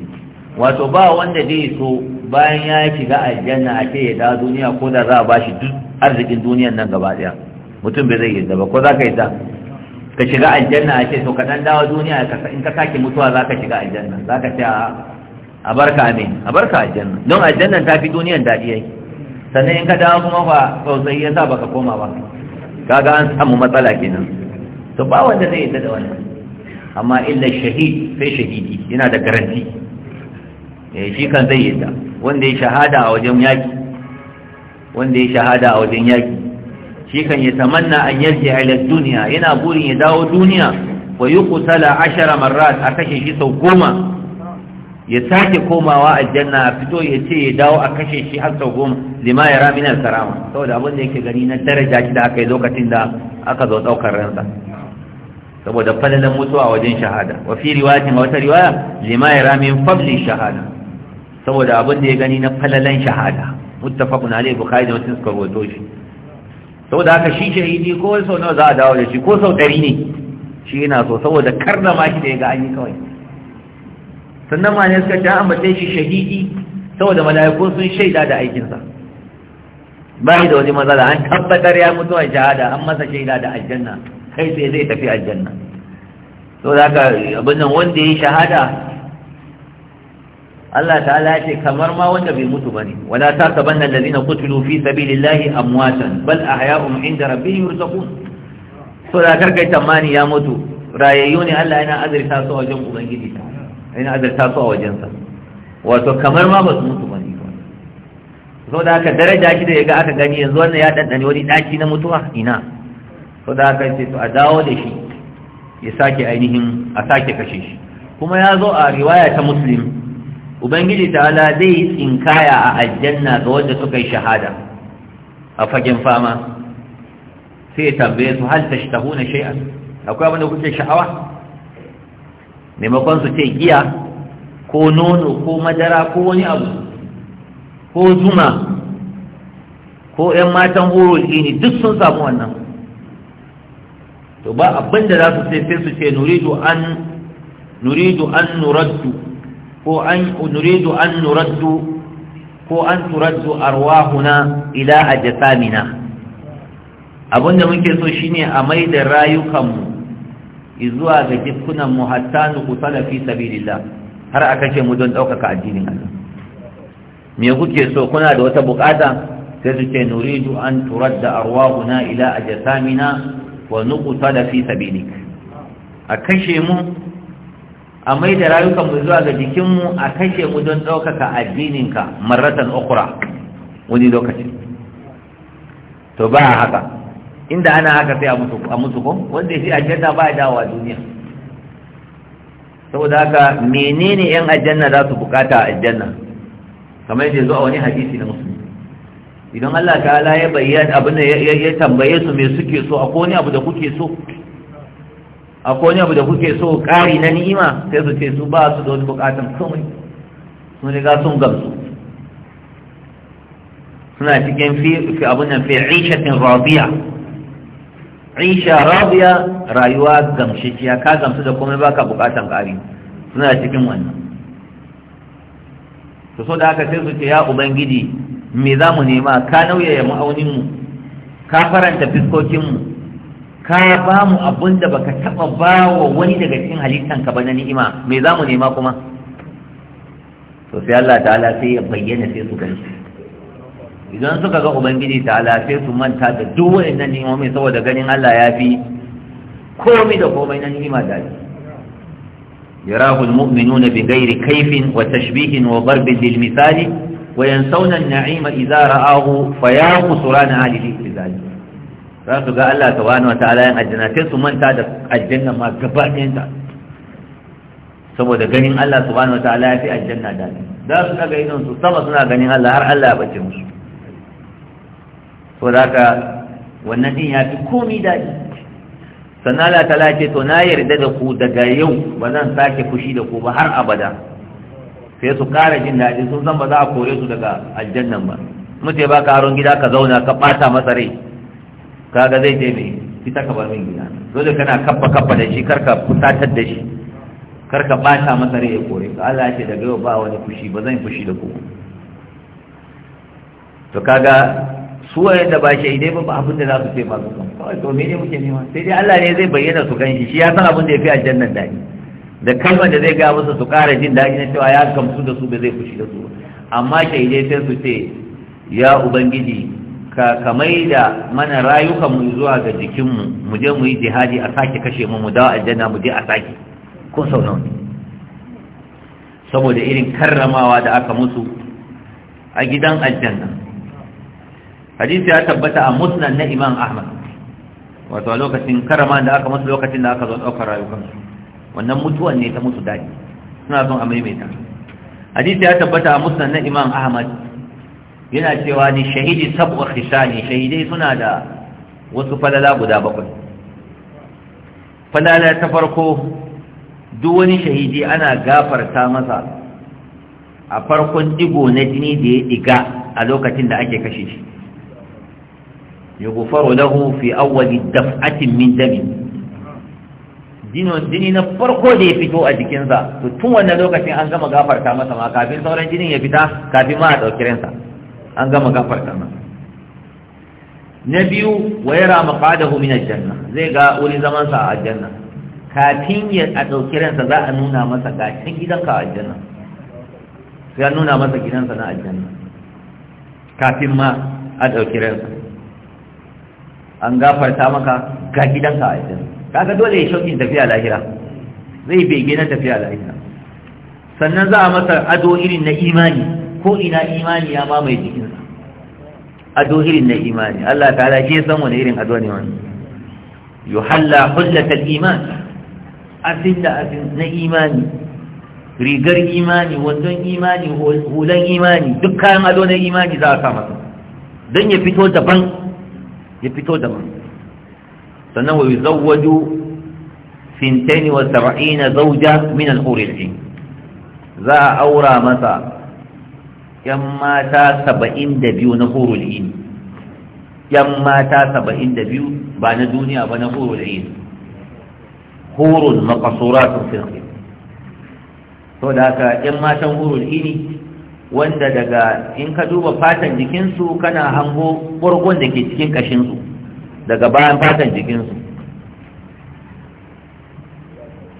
wato ba wanda zai so bayan ya shiga aljanna a ce ya dawo duniya ko da za a bashi duk arzikin duniyan nan gaba daya mutum bai zai yadda ba ko za ka yadda ka shiga aljanna a ce to ka dan dawo duniya in ka sake mutuwa za ka shiga aljanna za ka ce a a barka amin a barka aljanna don aljannan ta fi duniyan daɗi yake sannan in ka dawo kuma ba sosai ya sa baka koma ba kaga an samu matsala kenan to ba wanda zai yadda da wannan amma illa shahid sai shahidi yana da garanti eh shi kan zai yadda wanda ya shahada a wajen yaki wanda ya shahada a wajen yaki shi kan ya tamanna an a ila duniya yana burin ya dawo duniya wa yuqtala 10 marrat a kashe shi sau goma ya sake komawa aljanna a fito ya ce ya dawo a kashe shi har sau goma lima ya rami na sarama saboda abin da yake gani na daraja shi da aka yi lokacin da aka zo ɗaukar ransa saboda falalan mutuwa wajen shahada wa fi riwayatin wata riwaya lima ya rami fablin shahada saboda abin da ya gani na falalan shahada muttafaqun alayhi bukhari da muslim suka rawaito shi saboda haka shi shahidi ko sau nawa za a dawo da shi ko sau ɗari ne shi yana so saboda karnama shi da ya ga an yi kawai sannan ma ne suka ta ambace shi shahidi saboda mala'ikun sun shaida da aikinsa bai da wani matsala an tabbatar ya mutu a shahada an masa shaida da aljanna kai sai zai tafi aljanna so da haka abin nan wanda ya shahada Allah ta'ala ce kamar ma wanda bai mutu bane wala taqabanna allazina qutilu fi sabilillahi amwatan bal ahya'un 'inda rabbihim yurzaqun so da karkai tamani ya mutu rayayyu ne Allah yana azurta su wajen ubangiji ta yana azarta su a wajensa wato kamar ma ba su mutu ba ne so da haka daraja shi da ya ga aka gani yanzu wannan ya ɗanɗani wani ɗaki na mutuwa ina so da haka ce to a dawo da shi ya sake ainihin a sake kashe shi kuma ya zo a riwaya ta muslim ubangiji ta'ala zai yi tsinkaya a aljanna ga wanda suka yi shahada a fagen fama sai ya tambaye su hal tashtahuna shay'an akwai abin da kuke sha'awa maimakon su ce giya ko nono ko madara ko wani abu ko zuma ko 'yan matan urul ne duk sun samu wannan to ba abin da za su sai sai su ce nuridu an nuraddu ko an nuridu an nuraddu ko an turaddu arwahuna ila ajsamina abin da muke so shine a mai da rayukanmu izuwa ga jikunan muhattanu hatta nu fi sabilillah har aka ce mu don ɗaukaka addinin Allah me kuke so kuna da wata bukata sai su ce nuridu an turadda arwahuna ila ajsamina wa nuqtala fi sabilik a kashe mu a mai da rayukan mu zuwa ga jikin mu a kashe mu don ɗaukaka addininka marratan ukhra wani lokaci to ba haka inda ana haka sai a mutu ko wanda ya shi aljanna ba ya dawowa duniya saboda haka menene yan aljanna za su bukata a aljanna kamar yadda zuwa wani hadisi na musulmi idan Allah ta'ala ya bayyana abin da ya tambaye su me suke so ko wani abu da kuke so ko wani abu da kuke so ƙari na ni'ima sai su ce su ba su da wani bukatan komai sun riga sun gamsu suna cikin fi abin nan rabiya. radiya Aisha radiya rayuwa gamshishiya ka gamsu da komai baka bukatan kari suna cikin wannan to so da aka sai su ce ya ubangiji me za mu nema ka nauyaya ma'auninmu ka faranta fiskokinmu ka ba mu abin da baka taɓa ba wani daga cikin ka ba na ni'ima me za mu nema kuma to sai Allah ta'ala sai ya bayyana sai su gani idan suka ga ubangiji ta sai su manta da duk wayannan ni'imomi saboda ganin Allah ya fi komai da komai na ni'ima da shi Na'ima المؤمنون بغير fa ya وضرب للمثال وينسون النعيم Za su ga Allah أهل الاستزال فأخذ الله سبحانه sai su manta da الجنة ma قبعت أنت saboda ganin Allah subhanahu wataala ya fi aljanna dadi Za su daga idan su sama suna ganin Allah har Allah ya bace musu to za ka wannan din ya fi komi daɗi sannan Allah ta lace to na yarda da ku daga yau ba zan sake fushi da ku ba har abada sai su ƙara jin daɗi sun san ba za a kore su daga aljannan ba mutai ba ka aron gida ka zauna ka ɓata masa rai kaga zai je mai fita ka bar min gida dole kana kappa kappa da shi karka fusatar da shi karka ɓata masa rai ya kore ka Allah ya ce daga yau ba wani fushi ba zan fushi da ku to kaga su wayanda ba shaidai ba abin da za su ce masu kan kawai to ne muke nema sai dai Allah ne zai bayyana su kan shi shi ya san abin da ya fi aljanna daɗi da kalmar da zai ga musu su ƙara jin daɗi na cewa ya gamsu da su ba zai fushi da su amma shaidai sai su ce ya ubangiji ka kamai da mana rayukan mu zuwa ga jikinmu mu je mu yi jihadi a sake kashe mu mu dawo aljanna mu je a sake ko sau nawa saboda irin karramawa da aka musu a gidan aljanna hadisi ya tabbata a musnad na imam ahmad wato a lokacin karama da aka musu lokacin da aka zo ɗaukar rayukansu wannan mutuwan ne ta musu daɗi suna son a maimaita hadisi ya tabbata a musnad na imam ahmad yana cewa ni shahidi sab'u khisani shahidai suna da wasu falala guda bakwai falala ta farko duk wani shahidi ana gafarta masa a farkon digo na jini da ya diga a lokacin da ake kashe shi yughfaru lahu fi awwali daf'atin min dami dinon jini na farko da ya fito a jikinsa to tun wannan lokacin an gama gafarta masa ma kafin sauran jinin ya fita kafin ma a ɗauki ransa an gama gafarta masa na biyu wa yara maqadahu min aljanna zai ga wurin zaman sa a aljanna kafin ya a ɗauki ransa za a nuna masa ga can gidanka a aljanna sai an nuna masa gidansa na aljanna kafin ma a ɗauki ransa an gafarta maka ga gidanka a yanzu kaga dole ya shauki tafiya lahira zai bege na tafiya lahira sannan za a masa ado irin na imani ko ina imani ya mamaye jikinsa ado irin na imani Allah ta ala shi ya san wani irin ado ne wani yuhalla hullatal iman asin da asin na imani rigar imani wandon imani hulan imani duk kayan ado na imani za a sa masa don ya fito daban يبتو دمان سنو يزوج سنتين وسبعين زوجة من الحور العين ذا أورا مسا يما تا سبعين دبيو نحور العين يما تا سبعين دبيو بان دنيا بان حور العين حور مقصورات في الخير سوداك يما تنحور العين wanda daga in ka duba fatan jikinsu kana hango ɓurgun da ke cikin ƙashinsu daga bayan fatan jikinsu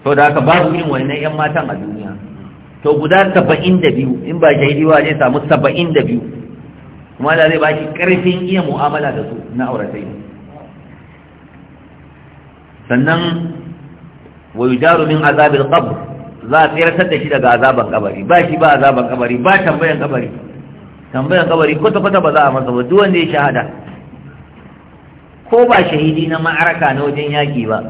to da aka babu yin wannan 'yan matan a duniya to guda saba'in da biyu in ba shahidi ba zai samu saba'in da biyu kuma da zai ba shi ƙarfin iya mu'amala da su na auratai sannan wa yujaru min azabil qabr za a tsirtar da shi daga azaban kabari ba shi ba azaban kabari ba tambayan kabari tambayan kabari kwata-kwata ba za a masa ba duk wanda ya shahada ko ba shahidi na ma'araka na wajen yaƙi ba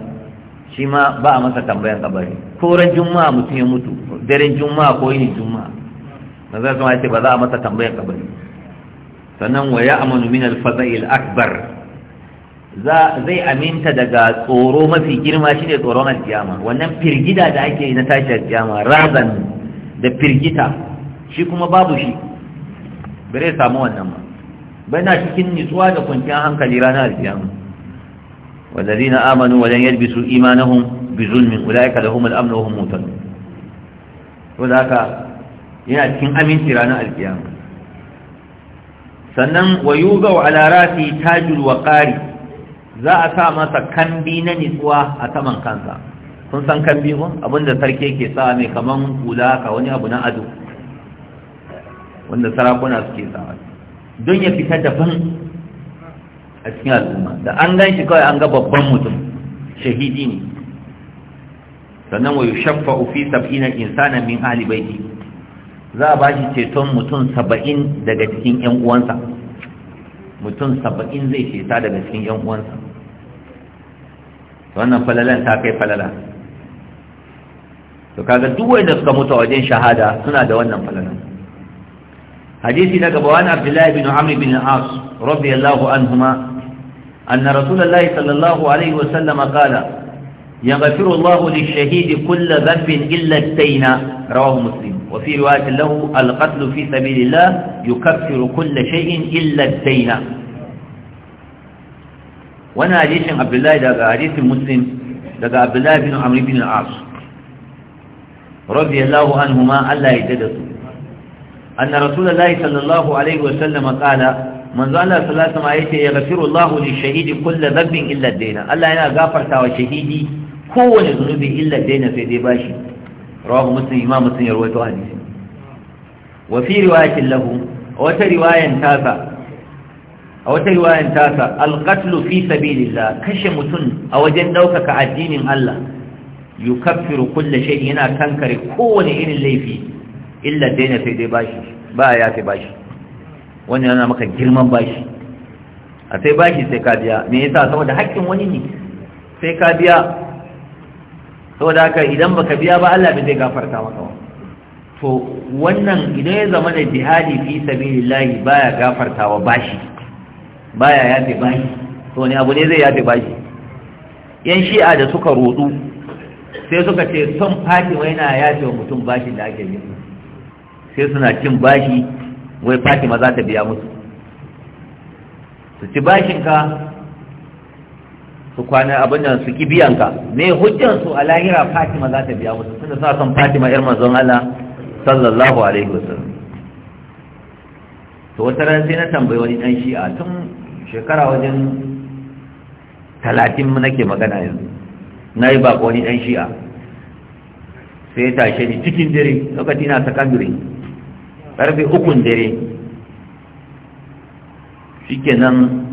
shi ma ba a masa tambayan kabari ko ran juma'a mutum ya mutu daren juma'a ko yin juma'a zai sama ya ce ba za a masa tambayan kabari sannan wa amanu min al-fada'il akbar zai aminta daga tsoro mafi girma shi ne tsoron alkiyama wannan firgida da ake yi na tashi alkiyama razan da firgita shi kuma babu shi bare samu wannan ba Bana cikin nutsuwa da kwanciyar hankali ranar alkiyama wallazina amanu wa lam yalbisu imanahun bi zulmin ulaika lahum al-amn wa hum muhtadun wanda haka yana cikin aminci ranar alkiyama sannan wa yuga ala rasi tajul waqari za a sa masa kambi na nitsuwa a saman kansa kun san kambi ko abinda sarki yake sa mai kaman kula ka wani abu na ado wanda sarakuna suke sa don ya fita daban a cikin al'umma da an gan shi kawai an ga babban mutum shahidi ne sannan wa yushaffa fi sab'ina insana min ahli baiti za a bashi ceton mutum saba'in daga cikin 'yan uwansa mutum saba'in zai ceta daga cikin 'yan uwansa wannan falalan ta kai falala to kaga duk wanda suka mutu wajen shahada suna da wannan falalan hadisi na gaba wani abdullahi bin amr bin al-as radiyallahu anhuma anna rasulullahi sallallahu alaihi wa sallam qala kull dhanbin illa at-tayna إلا muslim wa fi riwayat lahu al-qatl fi sabilillah yukaffiru kull shay'in illa at-tayna wani hadisin abdullahi daga hadisin muslim daga abdullahi bin amri bin al'as radiyallahu anhuma Allah ya tada su anna Rasulallah sallallahu alaihi wa sallam qala manzo Allah sallallahu alaihi wa sallam yace yaghfiru Allahu lish-shahidi kullu dhanbin illa ad-dayna Allah yana gafarta wa shahidi kowane zunubi illa dayna sai dai bashi rawahu muslim imam muslim ya rawaito hadisi wa fi riwayatin lahu wa ta riwayan tasa a wata riwayar tasa alqatlu fi sabilillah kashe mutum a wajen daukaka addinin Allah yukaffiru kulli shay yana kankare kowane irin laifi illa daina sai dai bashi ba ya sai bashi Wani yana maka girman bashi a sai bashi sai ka biya me yasa saboda haƙƙin wani ne sai ka biya saboda haka idan baka biya ba Allah bai zai gafarta maka ba to wannan idan ya zama da jihadi fi sabilillahi baya gafartawa bashi baya yafe bashi to ne abu ne zai yafe bashi yan shi'a da suka rudu sai suka ce son fatima yana yafe wa mutum bashi da ake yin sai suna cin bashi wai fatima za ta biya musu su ci bashinka su kwana abin da su ki ka, me hujjan su a lahira fatima za ta biya musu tunda suna son fatima yar manzon Allah sallallahu alaihi wasallam to wata ran sai na tambayi wani dan shi'a tun shekara wajen talatin nake magana yanzu na yi bako ni ɗan shi'a sai ya tashe ni cikin dare lokaci na sakandare ƙarfe ukun dare shi kenan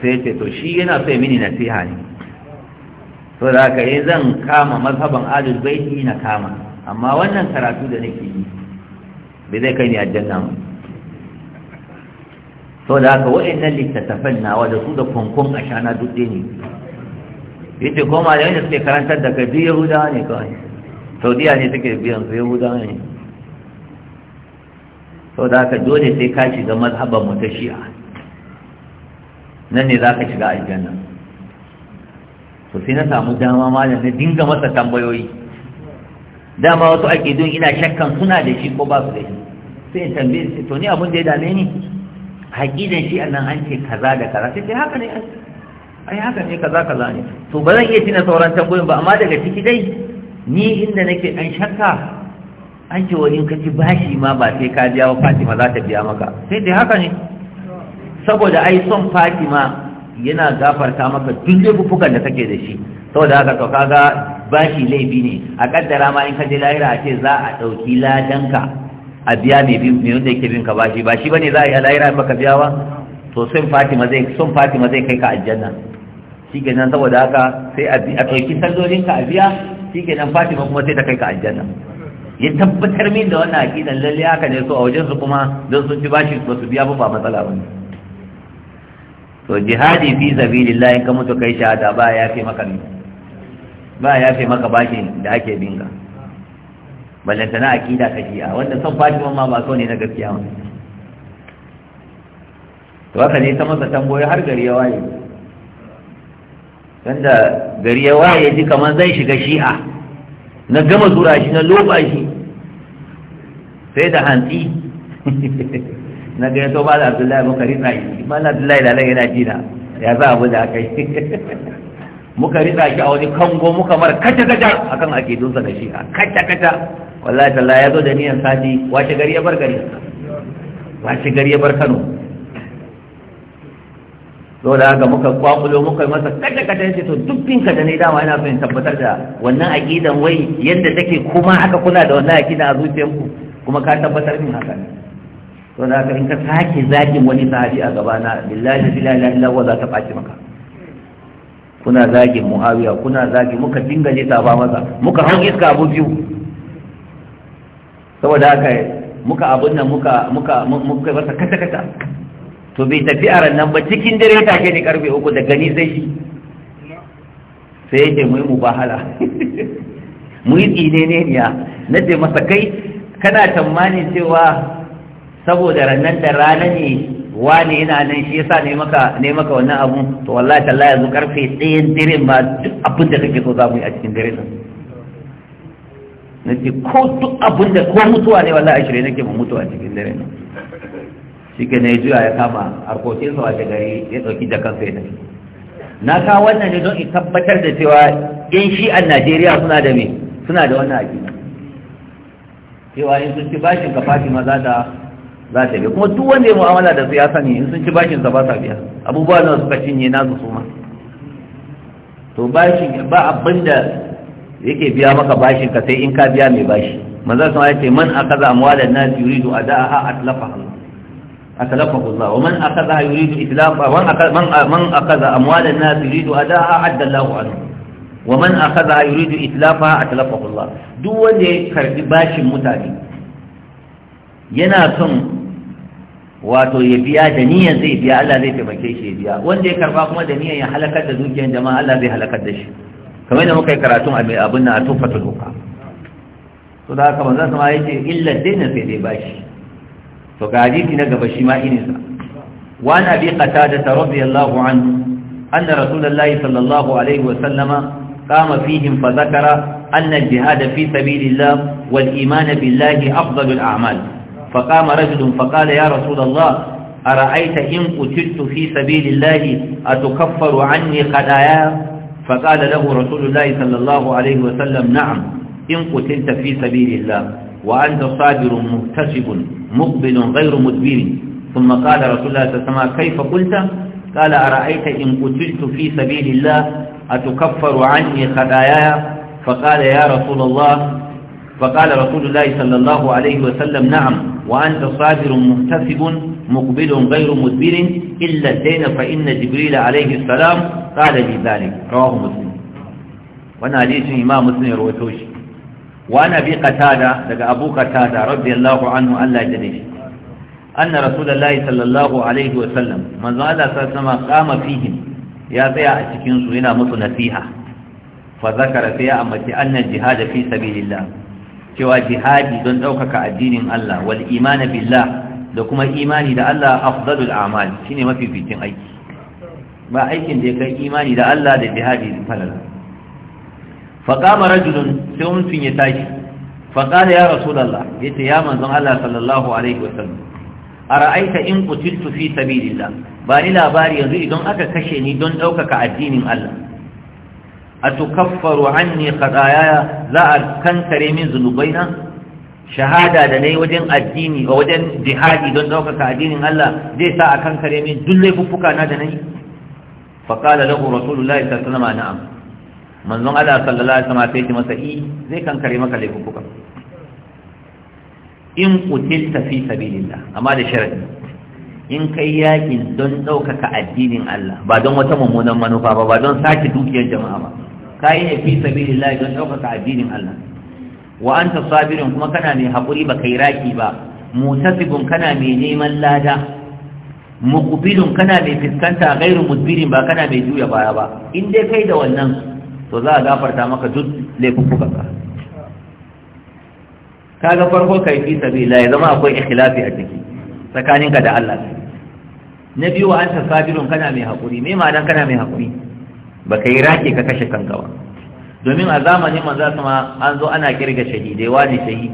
sai ce to shi yana sai mini nasiha ne so da ka yi eh zan kama mazhaban adul baiti na kama amma wannan karatu da nake yi bai zai kai ni aljanna mu to da haka wa'annan littattafan nawa da su da kwankwan a shana dutse ne yace ko malamai da suke karantar da kai yahudawa ne kawai saudiya ne suke biyan su yahudawa ne to da haka dole sai ka shiga mazhabar mu ta shi'a nan ne za ka shiga aljanna to sai na samu dama malam na dinga masa tambayoyi dama wasu ake don ina shakkan suna da shi ko ba su da shi sai in tambaye su to ni abin da ya dame ni haƙiƙan shi annan an ce kaza da kaza sai haka ne ai haka ne kaza kaza ne to ba zan iya tina sauran tambayoyin ba amma daga ciki dai ni inda nake dan shakka an ce wani ka ci bashi ma ba sai ka biya wa Fatima za ta biya maka sai dai haka ne saboda ai son Fatima yana gafarta maka duk laifukan da kake da shi saboda haka to kaga bashi laifi ne a kaddara ma in ka je lahira a ce za a dauki ladanka a biya me mai wanda yake bin ka bashi ba shi bane za a yi alaira in baka biya ba to sun fatima zai sun fatima zai kai ka aljanna shi ke nan saboda haka sai a ɗauki sallolin ka a biya shi ke nan fatima kuma sai ta kai ka aljanna ya tabbatar min da wannan aƙidan lalle haka ne so a wajen su kuma don sun ci bashi ba su biya ba ba matsala ba to jihadi fi sabilillah in ka mutu kai shahada ba ya fi maka ba ya fi maka bashi da ake binka balanta na aƙida ta wanda son fatima ma ba so ne na gaskiya ba to haka ne ta masa tamboyi har gari ya waye wanda gari ya waye ji kamar zai shiga shi'a na gama zura shi na loba shi sai da hantsi na ga yato ba da abdullahi muka rina shi ma na abdullahi da yana jina ya za abu da aka yi muka rina shi a wani kango muka mara kata-kata akan dunsa da shi'a kata-kata wallahi talla ya zo da niyan sati washe gari ya bar gari washe gari ya bar Kano to da ga muka kwakulo muka yi masa kada kada yace to duk ka da ne dama ina son tabbatar da wannan aqidan wai yanda take kuma haka kuna da wannan aqida a ku kuma ka tabbatar min haka ne to da ka in ka sake zakin wani sahabi a gaba na billahi la ilaha illa huwa za ta faci maka kuna zagin muawiya kuna zagin muka dinga ne ta ba masa muka hau iska abu biyu saboda haka muka abun nan muka muka muka masa kata kata to bai tafi a ran nan ba cikin dare ta ke ne karfe uku da gani zai shi sai yake mu yi mu bahala. mu yi tsine ne ya na ce masa kai kana tsammanin cewa saboda rannan da rana ne wani yana nan shi yasa ne maka ne maka wannan abu to wallahi tallahi yanzu karfe ɗayan dare ma duk abin da kake so za mu yi a cikin dare nan na ce ko duk abin da ko mutuwa ne wallahi ashirin nake ba mutuwa cikin dare ne shi ke na juya ya kama harkokin sa wace gari ya ɗauki da kansa ya tafi na kawo wannan ne don in tabbatar da cewa yan a najeriya suna da me suna da wannan aiki. cewa in sun ci bashin ka fashi ma za ta za ta biya kuma duk wanda ya mu'amala da su ya sani in sun ci bashin sa ba sa biya abubuwa nawa suka cinye na su suma to bashin ba abinda yake biya maka bashin ka sai in ka biya mai bashi manzo sun ya ce man akaza amwalan nas yuridu adaaha atlafaha atlafahu Allah wa man akaza yuridu itlafa wa man man akaza amwalan nas yuridu adda anhu wa man akaza yuridu atlafahu Allah duk wanda ya karbi bashin mutane yana son wato ya biya da niyyar zai biya Allah zai taimake shi ya biya wanda ya karba kuma da niyyar ya halakar da dukiyar jama'a Allah zai halakar da shi kamar da muka yi karatun a mai abin na a tufatul hukam to da haka manzon sama yace illa dinna sai dai bashi to ga hadisi na gaba shi ma irin sa wa an abi qatada radiyallahu An anna rasulullahi sallallahu alaihi wa sallama qama fihim fa zakara anna al fi sabilillah wal iman billahi afdalul a'mal فقام رجل فقال يا رسول الله أرأيت إن قتلت في Fi, الله أتكفر عني خلايا فقال له رسول الله صلى الله عليه وسلم نعم إن قتلت في سبيل الله وأنت صابر مكتسب مقبل غير مدبر ثم قال رسول الله السماء كيف قلت قال أرأيت إن قتلت في سبيل الله أتكفر عني خطاياي فقال يا رسول الله فقال رسول الله صلى الله عليه وسلم نعم وأنت صابر مكتسب مقبل غير مدبر إلا الدين فإن جبريل عليه السلام قال بذلك رواه مسلم وانا حديث إمام مسلم رويته وانا أبي قتادة لقى أبو قتادة رضي الله عنه ألا جديش أن رسول الله صلى الله عليه وسلم من ظل سلسما قام فيهم يا بيع أتكين سوينا مطن فيها فذكر فيها أمتي أن الجهاد في سبيل الله cewa jihadi don ɗaukaka addinin Allah wal imana billah da kuma imani da Allah afdalul a'mal shine mafificin aiki ba aikin da ya kai imani da Allah da jihadi da falala faqama rajulun sai mutum ya tashi faqala ya rasulullah yace ya manzon Allah sallallahu alaihi wasallam ara'aita in qutiltu fi sabilillah ba ni labari yanzu idan aka kashe ni don daukaka addinin Allah atukaffaru anni khataaya za a kankare min zunubaina shahada da na yi wajen addini ba wajen jihadi don ɗaukaka addinin Allah zai sa a kan kare min duk laifuffuka na da na yi faƙala lahu rasulullahi sallallahu alaihi na'am manzon Allah sallallahu alaihi wasallam sai masa i zai kan kare maka laifuffuka in qutilta fi sabilillah amma da sharadi in kai yakin don ɗaukaka addinin Allah ba don wata mummunan manufa ba ba don sake dukiyar jama'a ba kai ne fi sabilillah don ɗaukaka addinin Allah wa anta sabirin kuma kana mai haƙuri ba kai raki ba mutasibun kana mai neman lada muqbilun kana mai fiskanta gairu mudbirin ba kana mai juya baya ba in dai kai da wannan to za a gafarta maka duk Ka kaga farko kai fi sabila ya zama akwai ikhlafi a ciki tsakaninka da Allah na biyu wa anta sabirun kana mai haƙuri me ma'anar kana mai haƙuri ba kai raki ka kashe kanka ba domin a zamanin manzo sama an zo ana kirga shahidai wani shahidi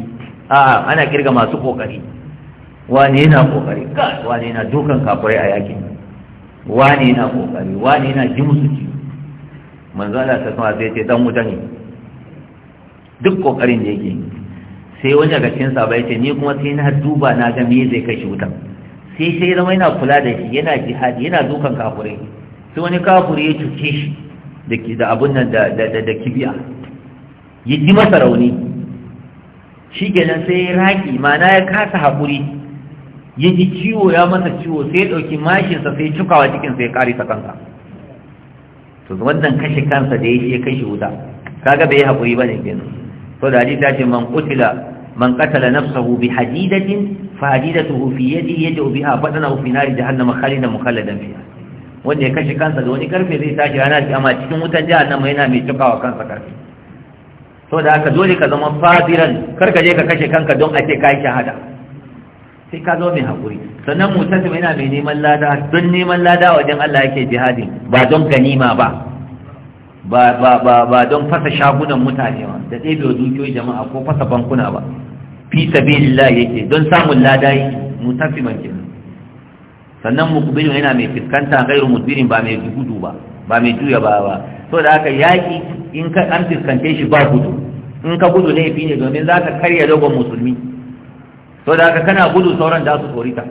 a'a ana kirga masu kokari wani yana kokari ka wani yana dukan kafirai a yakin wani yana kokari wani yana ji musu ci manzo Allah sai sama sai ce dan wuta ne duk kokarin da yake sai wani daga cikin sabai ce ni kuma sai na duba na ga me zai kai shi wuta sai sai zama yana kula da shi yana jihadi yana dukan kafirai sai wani kafiri ya cuce shi da abun nan da kibiya yi ji masa rauni shi kenan sai ya raƙi mana ya kasa haƙuri ya ji ciwo ya masa ciwo sai ya ɗauki mashinsa sai cikawa cikinsa ya ƙari ta kansa to wannan kashe kansa da ya shi ya kashe wuta kaga bai haƙuri ba ne kenan to da hadita ce man kutila man katala nafsahu bi hadidatin fa hadidatuhu fi yadihi yad'u biha fadana fi nari jahannama khalidan mukhalladan fiha wanda ya kashe kansa da wani karfe zai tashi ranar amma cikin wutan jihar nan yana mai cikawa kansa karfe to da haka dole ka zama fadiran kar ka je ka kashe kanka don a ce kai shahada sai ka zo mai hakuri sannan mutasim yana mai neman lada don neman lada wajen Allah yake jihadi ba don ganima ba ba ba ba ba don fasa shagunan mutane ba da ɗebe dukiyoyi jama'a ko fasa bankuna ba fi sabilillah yake don samun lada yake mutasiman kenan sannan mukbilu yana mai fiskanta gairu mudbirin ba mai gudu ba ba mai juya ba ba so da haka yaki in ka an fiskante shi ba gudu in ka gudu laifi ne domin za ka karya dogon musulmi so da haka kana gudu sauran da su tsorita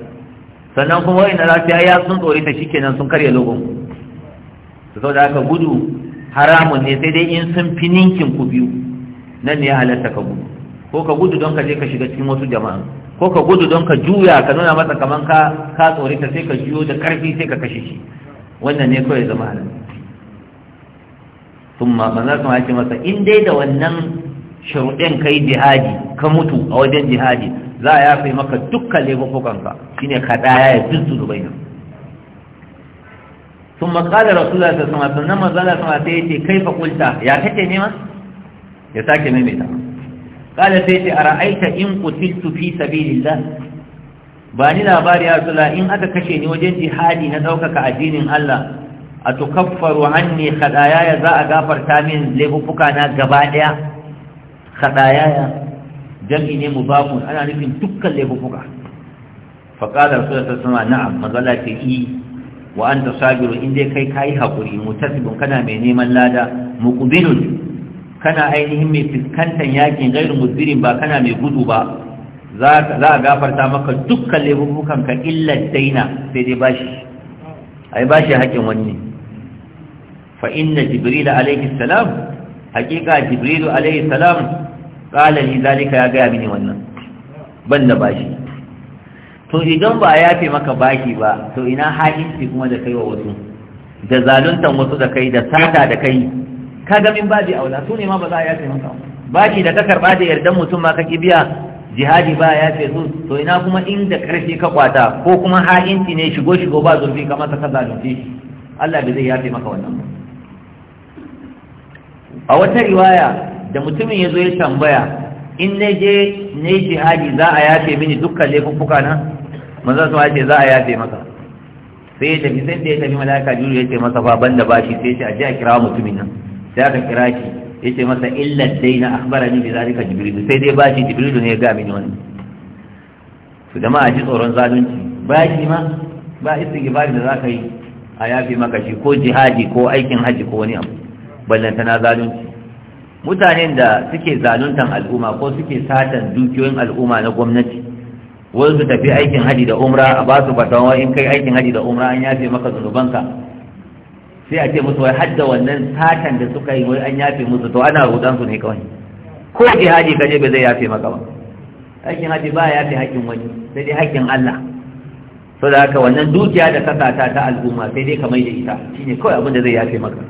sannan kuma wani da lafiya ya sun tsorita shikenan sun karya dogon so da haka gudu haramun ne sai dai in sun fi ninkin ku biyu nan ne ya halatta ka gudu ko ka gudu don ka je ka shiga cikin wasu jama'a ko ka gudu don ka juya ka nuna masa kaman ka ka tsore ta sai ka juyo da karfi sai ka kashe shi wannan ne kawai zama halin thumma manzo kuma yake masa in dai da wannan shuruɗin kai jihadi ka mutu a wajen jihadi za a yafe maka dukkan ka shine ka daya ya dutsu zubaina ثم قال رسول rasulullah ta الله عليه وسلم ثم قال صلى الله عليه وسلم كيف قلت يا ya sake maimaita قال سيتي ارايت ان قتلت في سبيل الله ba ni labari ya sula in aka kashe ni wajen jihadi na ɗaukaka addinin Allah atukaffaru anni khadaya za a gafarta min lebufuka na gaba daya khadaya jami ne ana nufin dukkan lebufuka faqala rasul sallallahu alaihi wasallam na'am magalati i wa anta sabiru inde kai kai hakuri mutasibun kana mai neman lada muqbilun kana ainihin mai fuskantar yakin gairin musbirin ba kana mai gudu ba za a gafarta maka dukkan laifukan ka illa daina sai dai bashi yi bashi haƙin wani fa inna jibril alaihi salam haƙiƙa jibril alaihi salam ƙalali zalika ya gaya mini wannan Ban da bashi to idan ba ya fi maka baki ba to ina ha'inci kuma da kai wa wasu da zaluntan wasu da kai da sata da kai kaga min babi aula su ne ma ba za a yafe maka ki da ka karba da yardan mutum ma kake biya jihadi ba ya yafe su to ina kuma inda karfi ka kwata ko kuma ha'inci ne shigo shigo ba zurfi kamar ta kaza da shi Allah bai zai yafe maka wannan ba a wata riwaya da mutumin ya zo ya tambaya in na je na yi jihadi za a yafe mini dukkan laifuffuka na manzan su ce za a yafe maka sai ya tafi sai da ya tafi malaka juru ya ce masa fa banda bashi sai ya ce a je a kira mutumin nan sai aka kira shi ce masa illa daina akhbarani bi zalika Jibiru, sai dai bashi Jibiru ne ya ga mini wani. su da ma'aji tsoron zalunci bashi ma ba gibari da ka yi a yafi maka shi ko jihadi ko aikin haji ko wani abu ballanta na zalunci mutanen da suke zaluntan al'umma ko suke satan dukiyoyin al'umma na gwamnati wasu su tafi aikin haji da umra a ba su fatawa in kai aikin haji da umra an yafe maka zunubanka sai a ce musu wai hadda wannan satan da suka yi wai an yafe musu to ana rudan su ne kawai ko jihadi je bai zai yafe maka ba aikin haji ba ya yafe haƙƙin wani sai dai haƙƙin Allah so da haka wannan dukiya da kasata ta al'umma sai dai ka mai da ita shine kawai abin da zai yafe maka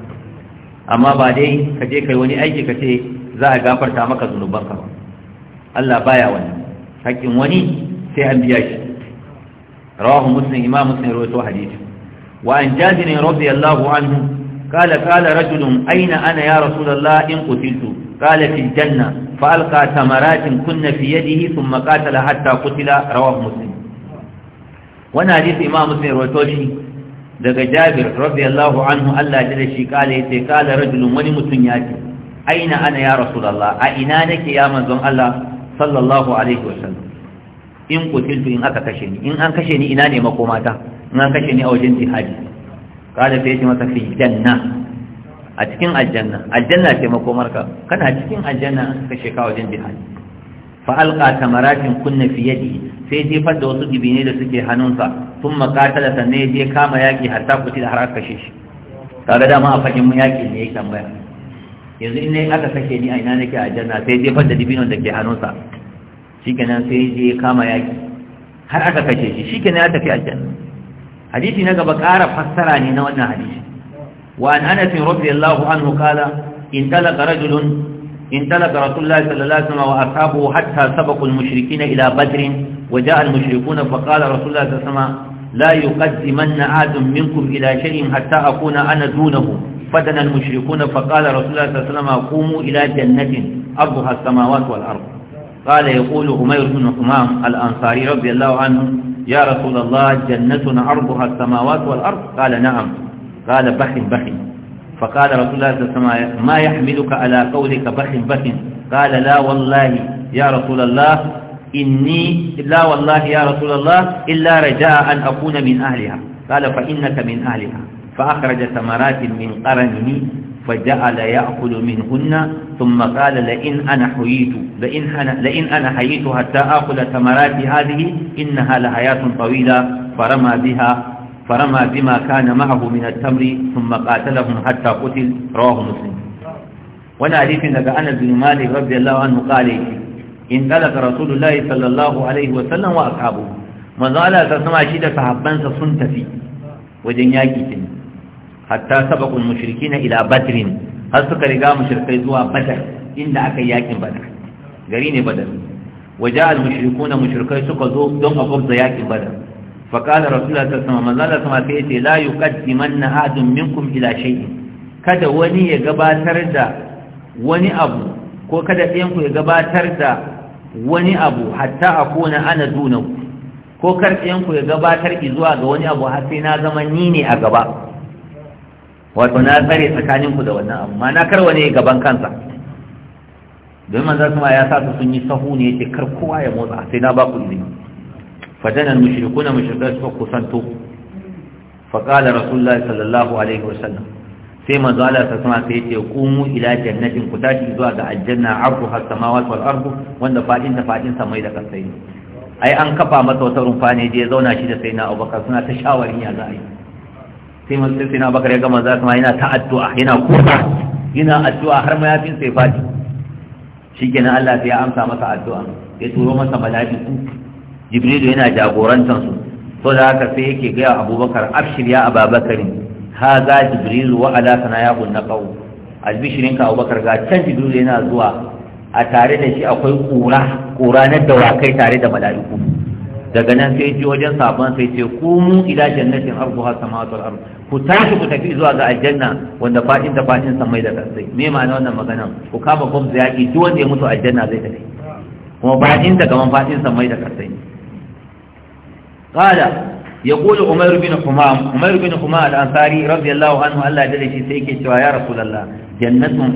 amma ba dai ka je kai wani aiki ka ce za a gafarta maka zunubanka ba Allah baya wani haƙƙin wani sai an biya shi rawahu muslim imam muslim rawaito hadisi وعن جابر رضي الله عنه قال قال رجل أين أنا يا رسول الله إن قتلت قال في الجنة فألقى ثمرات كن في يده ثم قاتل حتى قتل رواه مسلم وانا إمام مسلم روتوشي daga Jabir radiyallahu anhu Allah ya dace kale yace kala rajulun wani mutun yace aina ana ya rasulullah a ina nake ya manzon Allah sallallahu alaihi wasallam in kutiltu in aka kashe ni in an kashe ni ina ne makomata na kashe ni a wajen jihadi kada sai ce masa fi janna a cikin aljanna aljanna ce makomarka kana cikin aljanna an kashe ka wajen jihadi fa alqa tamaratin kunna fi yadi sai jefar da wasu dibine da suke hannunsa sun makatala sannan ya je kama yaƙi har ta kuti da har aka kashe shi kaga dama a fagen mu yaki ne ya tambaya yanzu in ne aka kashe ni a ina nake a janna sai jefar da dibinon da ke hannunsa shikenan sai je kama yaƙi. har aka kashe shi shikenan ya tafi aljanna hadisi na gaba ƙara fassara ne na wannan hadisi wa an anas radiyallahu anhu qala in talaqa rajulun in talaqa rasulullahi sallallahu alaihi wasallam wa ashabuhu hatta sabaqu al-mushrikeen ila badr wa jaa al-mushrikuun fa qala rasulullahi sallallahu alaihi wasallam لا يقدمن عاد منكم إلى شيء حتى أكون أنا دونه فدنا المشركون فقال رسول الله صلى الله عليه وسلم قوموا إلى جنة أرضها السماوات والأرض قال يقول أمير بن حمام الأنصاري رضي الله عنه ya rasulullah jannatuna arduha as-samawati wal ard qala na'am qala bakhin bakhin فقال رسول الله صلى الله عليه وسلم ما يحملك على قولك بخ بخ قال لا والله يا رسول الله إني لا والله يا رسول الله إلا رجاء أن أكون من أهلها قال فإنك من أهلها فأخرج ثمرات من قرنه فجعل يأكل منهن ثم قال لئن أنا حييت لئن أنا, لئن أنا حييت حتى آكل ثمرات هذه إنها لحياة طويلة فرمى بها فرمى بما كان معه من التمر ثم قاتلهم حتى قتل رواه مسلم وانا حديث لك أنس بن مالك رضي الله عنه قال انطلق رسول الله صلى الله عليه وسلم وأصحابه manzo Allah ta sama shi da sahabbansa sun tafi wajen yaki kin hatta sabaqul mushrikina ila badrin har suka riga mushrikai zuwa badar inda aka yi yakin badar gari ne badar waja al mushrikuna mushrikai suka zo don a gwabza yakin badar fa qala rasulullahi sallallahu alaihi wasallam sama, sai ce la yuqaddimanna ahadun minkum ila shay'in kada wani ya gabatar da wani abu ko kada ɗayan ku ya gabatar da wani abu hatta akuna ana dunau ko kar ɗayan ku ya gabatar ki zuwa ga wani abu har sai na zama ni ne a gaba wato na tsare tsakanin ku da wannan amma na karwa ne gaban kansa domin manzan kuma ya sa su sun yi sahu ne yake kar kowa ya motsa sai na ba ku izini fadanan na mushrikan suka kusanto فقال رسول الله صلى الله عليه وسلم sai manzan Allah ta sama sai yake kumu ila jannatin ku tashi zuwa ga aljanna arduha samawati wal ardu wanda fadin ta fadin samai da kasai ai an kafa masa wata rufa ne je zauna shi da na Abubakar suna ta shawarin ya za a yi sai mun sai na bakar ya gama za kuma yana ta addu'a yana kuka yana addu'a har mayafin sai fadi kenan Allah sai ya amsa masa addu'a ya turo masa mala'iku jibrilu yana jagorantar su to da haka sai yake ga Abubakar abshir ya ha haza jibrilu wa ala kawo. Albishirin ka Abubakar ga can jibrilu yana zuwa a tare da shi akwai kura kura na dawakai tare da mala'iku daga nan sai ji wajen sabon sai ce ku mu ila jannatin arduha samawati wal ard ku tashi ku tafi zuwa ga aljanna wanda fadin da fadin samai da kasai me ma'ana wannan magana ku kama gwamnati yaki duk wanda ya mutu aljanna zai tafi kuma fadin da gaban fadin samai da kasai قال يقول عمر بن حمام عمر بن حمام الأنصاري رضي الله عنه ألا جل شيء سيكي يا رسول الله جنة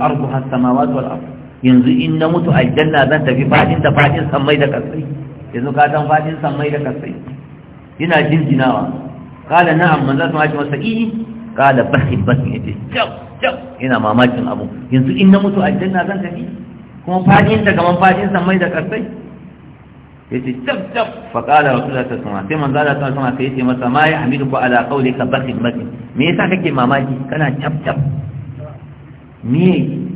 Yanzu in na mutu aljanna zan tafi ذات da بعد بعد سميت كثير yanzu ka san fadin samai da kasai yana jinjinawa kala na'am manzo sun haji masa i kala bahi bahi yace jau jau Ina mamakin abu yanzu in na mutu aljanna zan tafi kuma fadin ta kaman fadin samai da kasai yace jau jau fa kala rasulullah sallallahu alaihi wasallam sai manzo Allah sallallahu alaihi wasallam ce masa ma ya hamidu ko ala ka bahi bahi me yasa kake mamaki kana jau jau me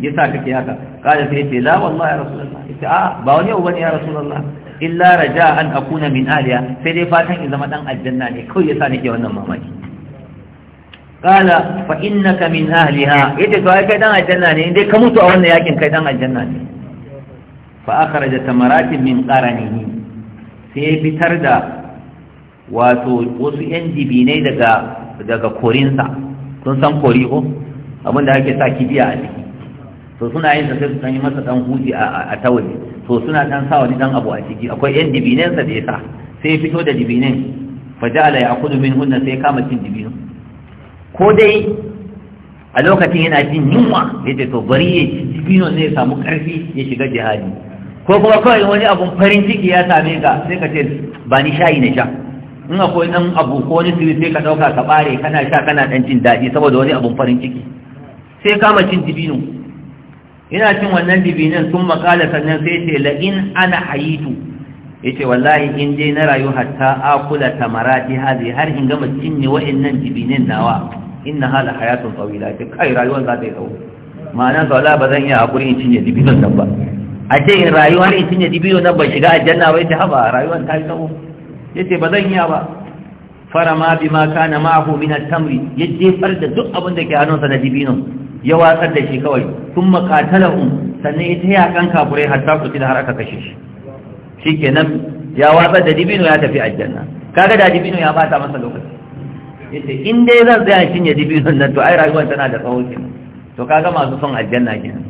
yasa kake haka kala sai yace la wallahi rasulullah yace a ah, ba wani ubani ya rasulullah illa raja an akuna min aliya sai dai fatan in zama dan aljanna ne kawai yasa nake wannan mamaki qala fa innaka min ahliha yace to ai kai dan aljanna ne dai ka mutu a wannan yakin kai dan aljanna ne fa akhraja tamaratin min qaranihi sai fitar da wato wasu yan dibinai daga daga korinsa sun san kori ko abinda ake sa biya a ciki to suna yin sai su yi masa dan huji a tawali to suna dan sa wani dan abu a ciki akwai yan dibinansa da ya sa sai ya fito da dibinan fa ja'ala min minhunna sai kama cin dibino ko dai a lokacin yana jin yunwa ya ce to bari ya ci dibino ne ya samu karfi ya shiga jihadi ko kuma kawai wani abun farin ciki ya same ka sai ka ce ba ni shayi na sha in akwai ɗan abu ko wani sirri sai ka dauka ka bare kana sha kana dan jin daɗi saboda wani abun farin ciki sai kama cin dibino ina cin wannan dibinin sun makala sannan sai ce la'in ana hayitu ya ce wallahi in dai na rayu hatta akula tamarati hazi har in gama cinye wa'annan dibinin nawa In na hala hayatun tsawila ce kai rayuwar za ta yi tsawo ma'ana tsawala ba zan iya hakuri in cinye dibinin nan ba a ce in rayuwar in cinye dibinin nan ban shiga aljanna ba ya ce haba rayuwar ta yi tsawo ya ce ba zan iya ba fara ma bi ma kana ma'ahu min at-tamri ya jefar da duk abin da ke hannunsa na dibinin ya watsar da shi kawai sun makatalahun sannan ita ya kan kafurai hatta kusi da har aka kashe shi shi kenan ya watsar da dibino ya tafi aljanna kaga da dibino ya bata masa lokaci yace in dai zan tsaya cinye dibino nan to ai rayuwar tana da tsawo kenan to kaga masu son aljanna kenan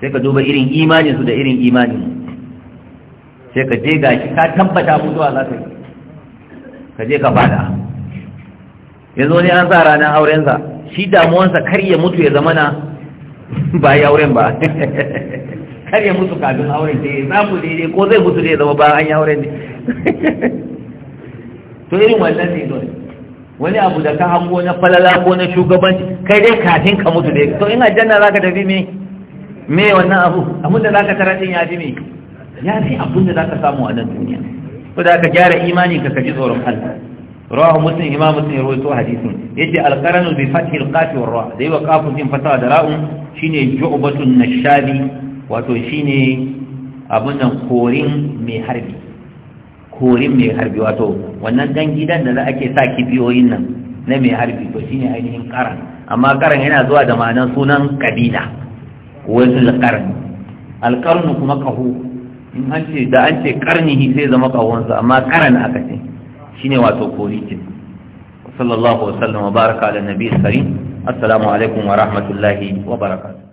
sai ka duba irin imanin su da irin imanin mu sai ka je gashi ka tabbata mutuwa za ta yi ka je ka fada yanzu wani an sa ranar aurensa shi damuwansa kar ya mutu ya zama na? ba ya auren ba kar ya mutu kafin auren sai za zamu daidai ko zai mutu zai zama ba an ya auren ne to irin wannan ne don wani abu da ka hango na falala ko na shugabanci kai dai kafin ka mutu dai to ina janna zaka tafi me me wannan abu abun da zaka tara din ya fi me ya fi abun da zaka samu a nan duniya to da ka gyara imani ka kaji tsoron Allah rawahu muslim imam muslim rawaito hadisin yace al-qaranu bi fathi al-qaf wa ra dai wa qafun din fatawa da ra'un shine ju'batun nashabi wato shine abun nan korin mai harbi korin mai harbi wato wannan dan gidan da za ake sa kibiyoyin nan na mai harbi to shine ainihin qaran amma qaran yana zuwa da ma'anar sunan kabila wato qaran al kuma kahu in an ce da an ce qarnihi sai zama qahonsa amma qaran aka ce shine wato koritin sallallahu wa wa baraka ala nabiyyi karim assalamu alaikum wa rahmatullahi wa barakatuh